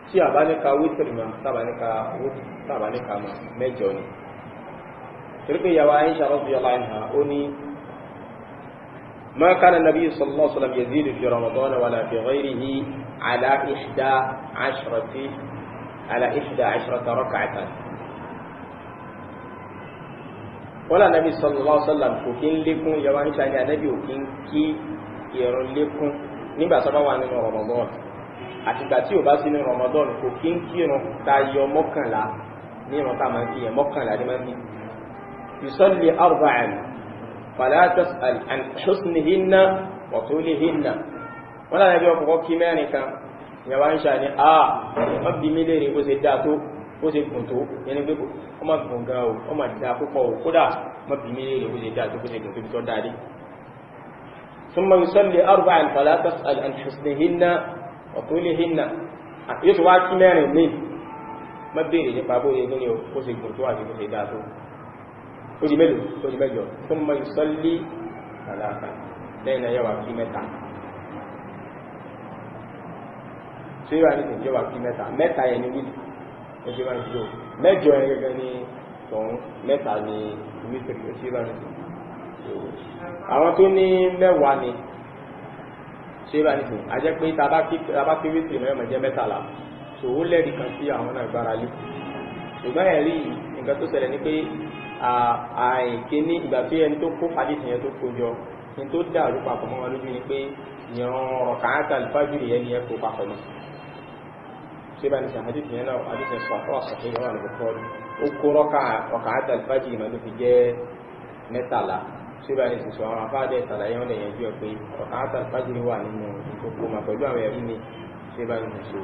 tí àbá ní ka wí tìrìmà sáàbà ní ka sáàbà ní ka mẹ́jọ ni torí ìyàwó ayé ṣàrọ́bù yọlá ìhà ó ní ما كان النبي صلى الله عليه وسلم يزيد في رمضان ولا في غيره على إحدى عشرة على إحدى عشرة ركعة ولا النبي صلى الله عليه وسلم كوكين لكم يوان شاني النبي وكين كي يرون لكم نبا سبا وان رمضان àtìgbà tí رمضان bá كي ní ramadan kò kí ń kírun tayọ mọ́kànlá ní ìrántà máa ń فلا تسأل عن حسنهن وطولهن ولا نبي وقوق كمانك يا وانشا ني اه مبدي ميلري بو سي داتو bó ṣe gùn tó yẹni pé ó má gùn gan o ó má dá púpọ̀ o kódà má bí mílé rẹ̀ bó ṣe dá tó bó ṣe gùn tó bí tó dáadé súnmọ́ ìsọ́lẹ̀ arúgbà àìfàlátà àìhùsìnìhìnà ọ̀tọ́lẹ̀hìnà yóò ṣe wá kí mẹ́rin mí má béèrè nípa bó ṣe gùn tó àti bó ṣe dá tó ó di mélòó tó di mẹ́jọ tó mọ ìsọ́lé àlàáfà lẹ́yìn náà yọwà kí mẹ́ta tó yọwà ní ìjọba kí mẹ́ta mẹ́ta yẹn ni wíìlì ẹjọ́ bá ń jò mẹ́jọ yẹn gẹ́gẹ́ ní tọ̀hún mẹ́ta ni wíìlì ẹjọ́ bá ń jò àwọn tó ní mẹ́wàá ni tó yọwà ní ìjọba ajẹ́ pé tàbá kí wíìlì mẹ́wàá jẹ́ mẹ́tàlá tó ó lẹ́rìí kan sí àwọn náà gbára lé ṣùgbọ́n ẹ̀rí nǹkan tó ṣẹlẹ̀ ni pé àìké ní ìgbà tí ẹni tó kó hadith yẹn tó kó jọ ní tó dàrú papọ̀ mọ́ wọn lójú ni pé ìyàn ọ̀rọ̀ kàáta alifájúrì yẹn ni ẹ kó papọ̀ mọ́ ṣé bá ní sàn hadith yẹn náà hadith yẹn sọ àtọ́ àṣàṣe ìyàwó àlùkọ́ ó kó rọ́kà ọ̀kàáta alifájúrì náà ló fi jẹ́ mẹ́tàlá ṣé bá ní sàn sọ àwọn afáàdé ìtàlàyé wọn lè yẹn jù ẹ pé ọ̀kàáta alifájúrì wà nínú ìkókó mà pẹ̀lú àwọn ẹ̀rí ni ṣé bá ní sàn sọ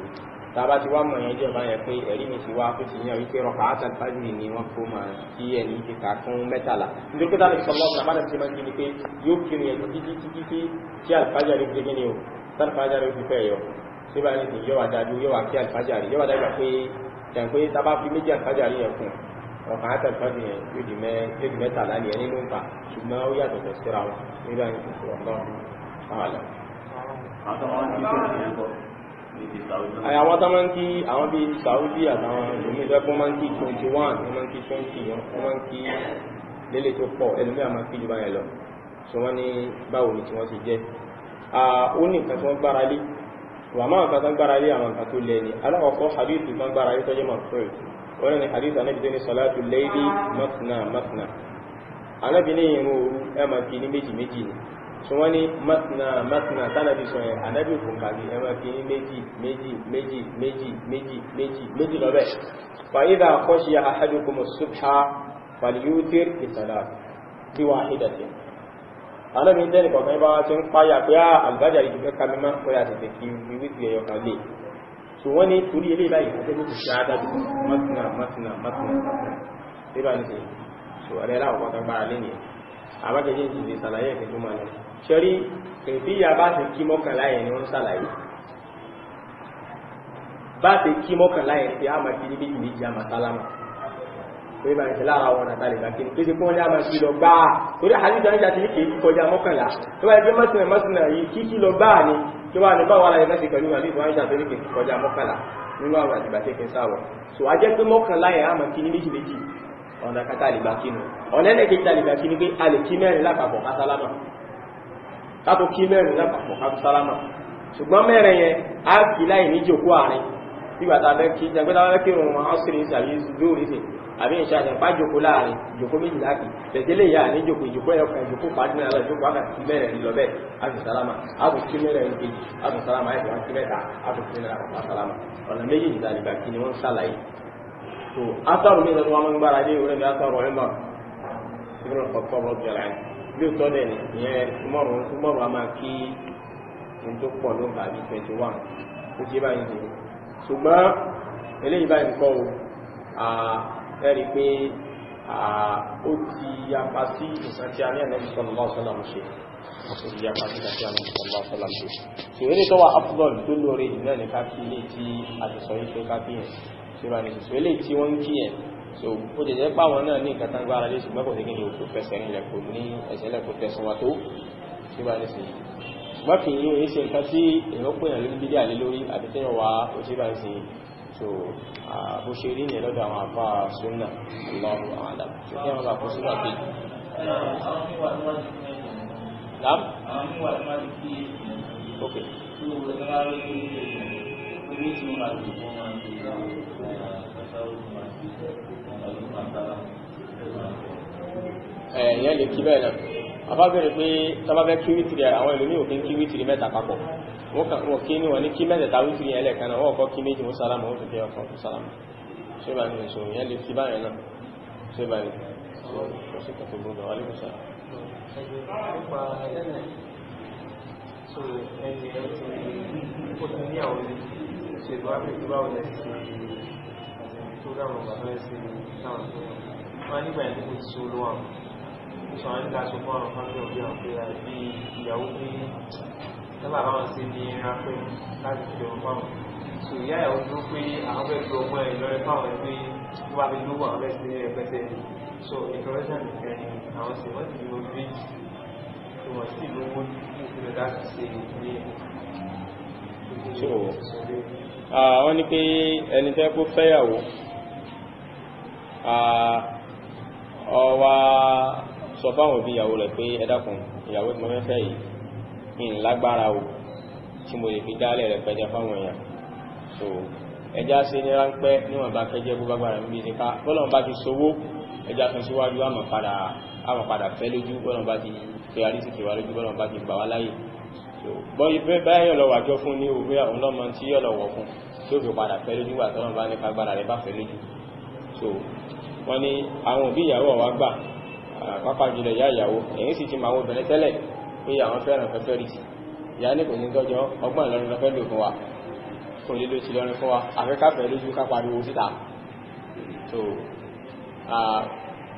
tàbá ti wá mọ̀ yẹn jẹ́ bá yẹn pé ẹ̀rí mi ti wá kó ti yàn wípé rọ̀kà àtàlùfáàjì ni wọ́n kó máa kí ẹni ti kà fún mẹ́tàlá nítorí pé táwọn ìṣọ̀lọ́ ọ̀sán àbádà ti máa ń kíni pé yóò kiri ẹ̀ títí títí títí tí àlùfáàjà rẹ̀ gbé gíní o tàlùfáàjà rẹ̀ fi fẹ́ yọ ṣé bá yẹn ti yọ àdájú yọ wà kí àlùfáàjà rẹ̀ yọ àdájú pé jàǹpé tábà fi méjì àlùfáàjà rẹ̀ yẹn kùn ọ̀kà àtàlùfáàjì yẹn yóò di mẹ́tàlá ni ẹni ló àwọn tá máa ń kí àwọn bíi Saudi àtàwọn ìlúmí ìfẹ́kún máa ń kí 21 wọ́n máa ń kí 20 wọ́n máa ń kí lélẹ̀ tó pọ̀ ẹlùmí àmà kí bá yẹn lọ so wọ́n ní báwo ni tí wọ́n ti jẹ́ ó ní nǹkan tí wọ́n gbára lé wà máa nǹkan tó gbára lé àwọn nǹkan tó lẹ́ ni alákọ̀ọ́kọ́ hadith tó gbára lé tọ́jọ́ mafred wọ́n ní hadith anábì tó ní salatu layli matna matna anábì ní ìrún òru ẹ̀ máa kí ní méjì méjì ni tí wọ́n ní matna matna tánàbí sọ yẹn ànábì kò kàbí ẹmọ fi ní méjì méjì méjì méjì méjì méjì méjì lọ́bẹ̀ fa idha khashiya ahadukum as-subha falyutir bi salat bi wahidatin alábi ń tẹ́lẹ̀ kọ̀ọ̀kan bá ti ń páyà pé á ah, àlùbájà yìí fẹ́ kàmí má pẹ́ àtẹ̀tẹ̀ kí wíwítì ẹ̀yọ̀ kan lè so wọ́n ní torí ilé báyìí wọ́n tẹ́lẹ̀ ṣe adájú matna matna matna matna ṣẹ́rí kẹfíyà bá ti kí mọ́kànlá yẹn ni wọ́n sàlàyé bá ti kí mọ́kànlá yẹn tí a máa fi níbi ìlú ìjà máa sálámà pé máa ṣe lára wọn àtàlè bá kí ni pé kí wọ́n ní a máa fi lọ gbáà torí àdìsá níjà ti ní kèé kọjá mọ́kànlá tó bá yẹ pé mọ́sìnà mọ́sìnà yìí kí kí lọ gbáà ni kí wọ́n á ní bá wà láyé náà ti pẹ̀lú àbí ìfọwọ́n ìjà tó ní kèé kọjá mọ́kànlá nínú àwọn àtìgbà tẹ́kẹ́ sáwọ̀ so a jẹ́ ni mọ́kànlá yẹn a máa kí ní méjì méjì ọ̀nà kátà àlìbá kí ni ọ̀nà ẹ̀lẹ́kẹ̀ẹ́ta àlìbá kí ni pé a lè kí mẹ́rin lápapọ̀ kásálámà kátó kí mẹ́rin náà papọ̀ kátó sálámà ṣùgbọ́n mẹ́rin yẹn á kì láì ní jòkó àárín nígbà tá a fẹ́ kí jẹ́ pé tá a fẹ́ kírun wọn á sírí ìṣàlẹ̀ lórí sí àbí ìṣe àjẹpá jòkó láàrin jòkó méjì láàkì tẹ̀sílẹ̀ ìyá ní jòkó ìjòkó ẹ̀kan ìjòkó pàdínà lọ jòkó àkàtì mẹ́rin lọ bẹ́ẹ̀ àti sálámà àti kí mẹ́rin kejì àti sálámà ẹ̀kọ́ àti mẹ́ta àti kí mẹ́rin àkọ́kọ́ ọ̀nà méjì lóòótọ́ dẹ̀ ìyẹn túmọ̀rún túmọ̀rún a máa kí ní tó pọ̀ ló ń bá bí twenty one ó ṣe báyìí ṣe ṣùgbọ́n eléyìí báyìí kọ́ o ẹ̀rí pé ó ti yapa sí nǹkan tí a ní ẹ̀nẹ́bí sallallahu alaihi wasallam ṣe ó ti yapa sí nǹkan tí a ní ẹ̀nẹ́bí sallallahu alaihi wasallam ṣe ṣe eré tó wà afdal tó lóore ìlú náà ní káfí tí a ti sọ yìí pé káfí ṣe báyìí ṣe eléyìí tí wọ́n ń kí yẹn so ó jẹjẹ páwọn náà ní nǹkan gbára lé ṣùgbọ́n kò sí kí ni òkú fẹsẹ̀ nílẹ̀ kò ní ẹsẹ̀ lẹ̀ kò tẹ̀sán wa tó ṣé bá ní sí i ṣùgbọ́n kì í yóò ṣe nǹkan tí èèyàn pè yàn lórí bídíà lé lórí àti tẹ́yàn wá ó ṣe bá ní sí i so bó ṣe rí yẹn lọ́dọ̀ àwọn àfa sunna Allahu a'lam so kí wọ́n bá kó sínú àbí. ok. ẹ̀yẹn eh, lè kí bẹ́ẹ̀ náà afábẹ̀rẹ̀ pé tábàbẹ́ kí wítìrì àwọn ìlú ní òfin kí wítìrì mẹ́ta papọ̀ wọ́n kí ní wọ́n ní kí mẹ́tẹ̀ẹ̀ta wítìrì yẹn lẹ́ẹ̀kan náà wọ́n kọ́ kí méjì wọ́n sálámù wọ́n fi kẹ́ ọkọ̀ sálámù ṣé bá ní ìṣòro yẹn lè kí báyẹn náà ṣé bá ní ìṣòro kò sí kòtò gbogbo wà lẹ́kọ̀ọ́ sáà. wọ́n nígbà yẹn tó kò ti ṣòro àwọn sọ ń dá sọ fọ́ọ̀rọ̀ fọ́ọ̀rọ̀ bí ọ̀pẹ́ àti ìyàwó pé sábà bá wọn sí ní rápẹ́ láti fi ọmọ fáwọn so ìyá ìyàwó tó pé àwọn fẹ́ fi ọmọ ẹ̀ lọ́rẹ́ fáwọn ẹgbẹ́ tó wà fi lówó àwọn fẹ́ sí ẹgbẹ́tẹ́ so ìtọ́lẹ́sàn nìkan ni àwọn sì wọ́n ti lo bí tí wọ́n sì lówó nípìnlẹ̀ láti ṣe ìdílé wọ́n ní pé ẹni tẹ́ kó fẹ́yàwó ọwà sọ fáwọn òbí ìyàwó rẹ̀ pé ẹ dákun ìyàwó tí mo fẹ́ fẹ́ yìí ń lágbára o tí mo lè fi dálẹ̀ rẹ̀ pẹ́jẹ fáwọn èèyàn so ẹjá sí ní ráńpẹ́ níwọ̀n bá fẹ́ jẹ́ bó bágbára níbi ìsìnká bọ́lọ̀n bá ti sowó ẹjá fún síwájú àmọ̀ padà fẹ́ lójú bọ́lọ̀n bá ti fẹ́ àrísìkì wá lójú bọ́lọ̀n bá ti gbà wá láyè báyọ̀ lọ wàjọ fún ní òwe àwọn ọmọ tí yọ̀ lọ wọ̀ fún tí ó fi padà fẹ́ lójú wà tọ́lọ́n bá ní kágbára rẹ̀ bá fẹ́ lójú so wọ́n ní àwọn òbí ìyàwó wa gbà pápá jùlọ ìyá ìyàwó èyí sì ti máa wọ obìnrin tẹ́lẹ̀ pé àwọn fẹ́ràn fẹ́fẹ́rìtì ìyá ní kò ní tọ́jọ́ ọgbọ́n ìlọrin lọ́fẹ́ lò fún wa kò lè lò sí lọ́rin fún wa afẹ́káfẹ́ lójú ká pariwo síta so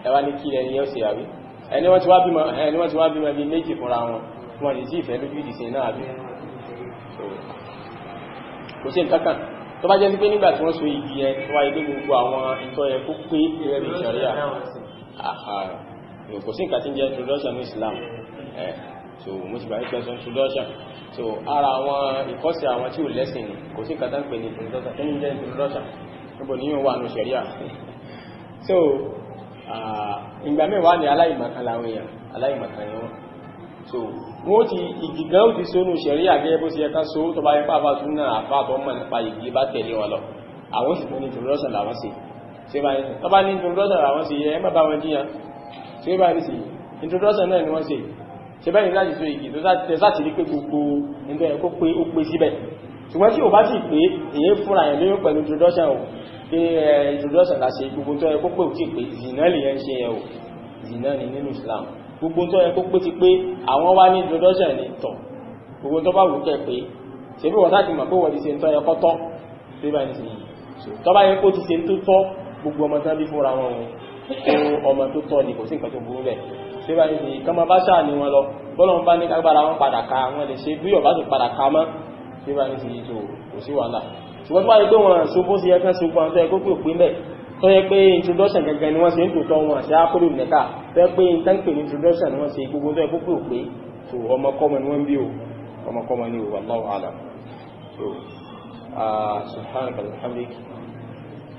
ẹwà ní kí ẹni yóò ṣe ẹni wọ́n ti wá bímọ bí méjì fúnra wọn wọ́n ní sí ìfẹ́ lójú ìdìsìn náà àbí kò sí nǹkankan tó bá jẹ́ sí pé nígbà tí wọ́n so igi yẹn wáyé gbogbo àwọn ìtọ́ yẹn kó pé ìrẹ́lẹ̀ ìṣẹ̀rí kò sí nǹkan tí ń jẹ́ introduction ní Islam ẹ̀ so mo ti gbà ń pẹ́sọ introduction so ara àwọn ìkọ́sẹ̀ àwọn tí ò lẹ́sìn ni kò sí nǹkan tán pè ní introduction tí ń jẹ́ introduction níbo ní yóò wà ní ṣẹ̀ríà so ìgbà mẹ́wàá ni aláìmọ̀kan làwọn èèyàn aláìmọ̀kan ni wọ́n so wọ́n ti igi gan ó ti sónú ṣẹ̀ríà gẹ́gẹ́ bó ti yẹ ká so tó bá yẹ pàápàá tún náà àfáà tó mọ̀ nípa igi bá tẹ̀lé wọn lọ àwọn sì fún introduction làwọn ṣe ṣe báyìí tó bá ní introduction làwọn ṣe yẹ ẹ má wọn jiyàn ṣe bá rí sí introduction náà ni wọ́n ṣe ṣe bẹ́ẹ̀ láti so igi tó sáti rí pé gbogbo ẹgbẹ́ ẹ̀kọ́ pé ó pé síbẹ̀ ṣùgbọ́n tí ò bá sì pé èyí fúnra ẹ̀ lóyún pẹ̀lú introduction ò introduction la ṣe gbogbo tó ẹ̀kọ́ zina lè yẹn zina ni nínú Islam gbogbo tó ẹ̀kọ́ pé ti introduction ni tọ̀ gbogbo tó bá wù kẹ́ pé ṣe bí wọ́n sáti mọ̀ pé wọ́n ti ṣe ń tọ́ ẹ̀kọ́ tọ́ ṣe bá ní sí tọ́ yẹ kó ti ṣe tó tọ́ gbogbo ọmọ tán bí fúnra wọn fún ọmọ tó tọ́ ni kò sí nǹkan tó burú bẹ̀ ṣé báyìí ni kán máa bá ṣáà ní wọn lọ bọ́lọ́run bá ní kágbára wọn padà ka wọn lè ṣe bí ọ̀bá tó padà ka mọ́ ṣé báyìí sì tó kò sí wàhálà ṣùgbọ́n tó wáyé pé wọn ṣubú sí ẹkán ṣubú àwọn tó yẹ kó pè pé mẹ́ tó yẹ pé introduction gangan ni wọ́n ṣe ń tòótọ́ wọn ṣe ápòlù nẹ́ka tó yẹ pé nǹkan pè ní introduction ni wọ́n ṣe gbogbo tó yẹ kó pè pé so ọmọkọ́mọ ni wọ́n bí o ọmọkọ́mọ o wallahu alam so ah,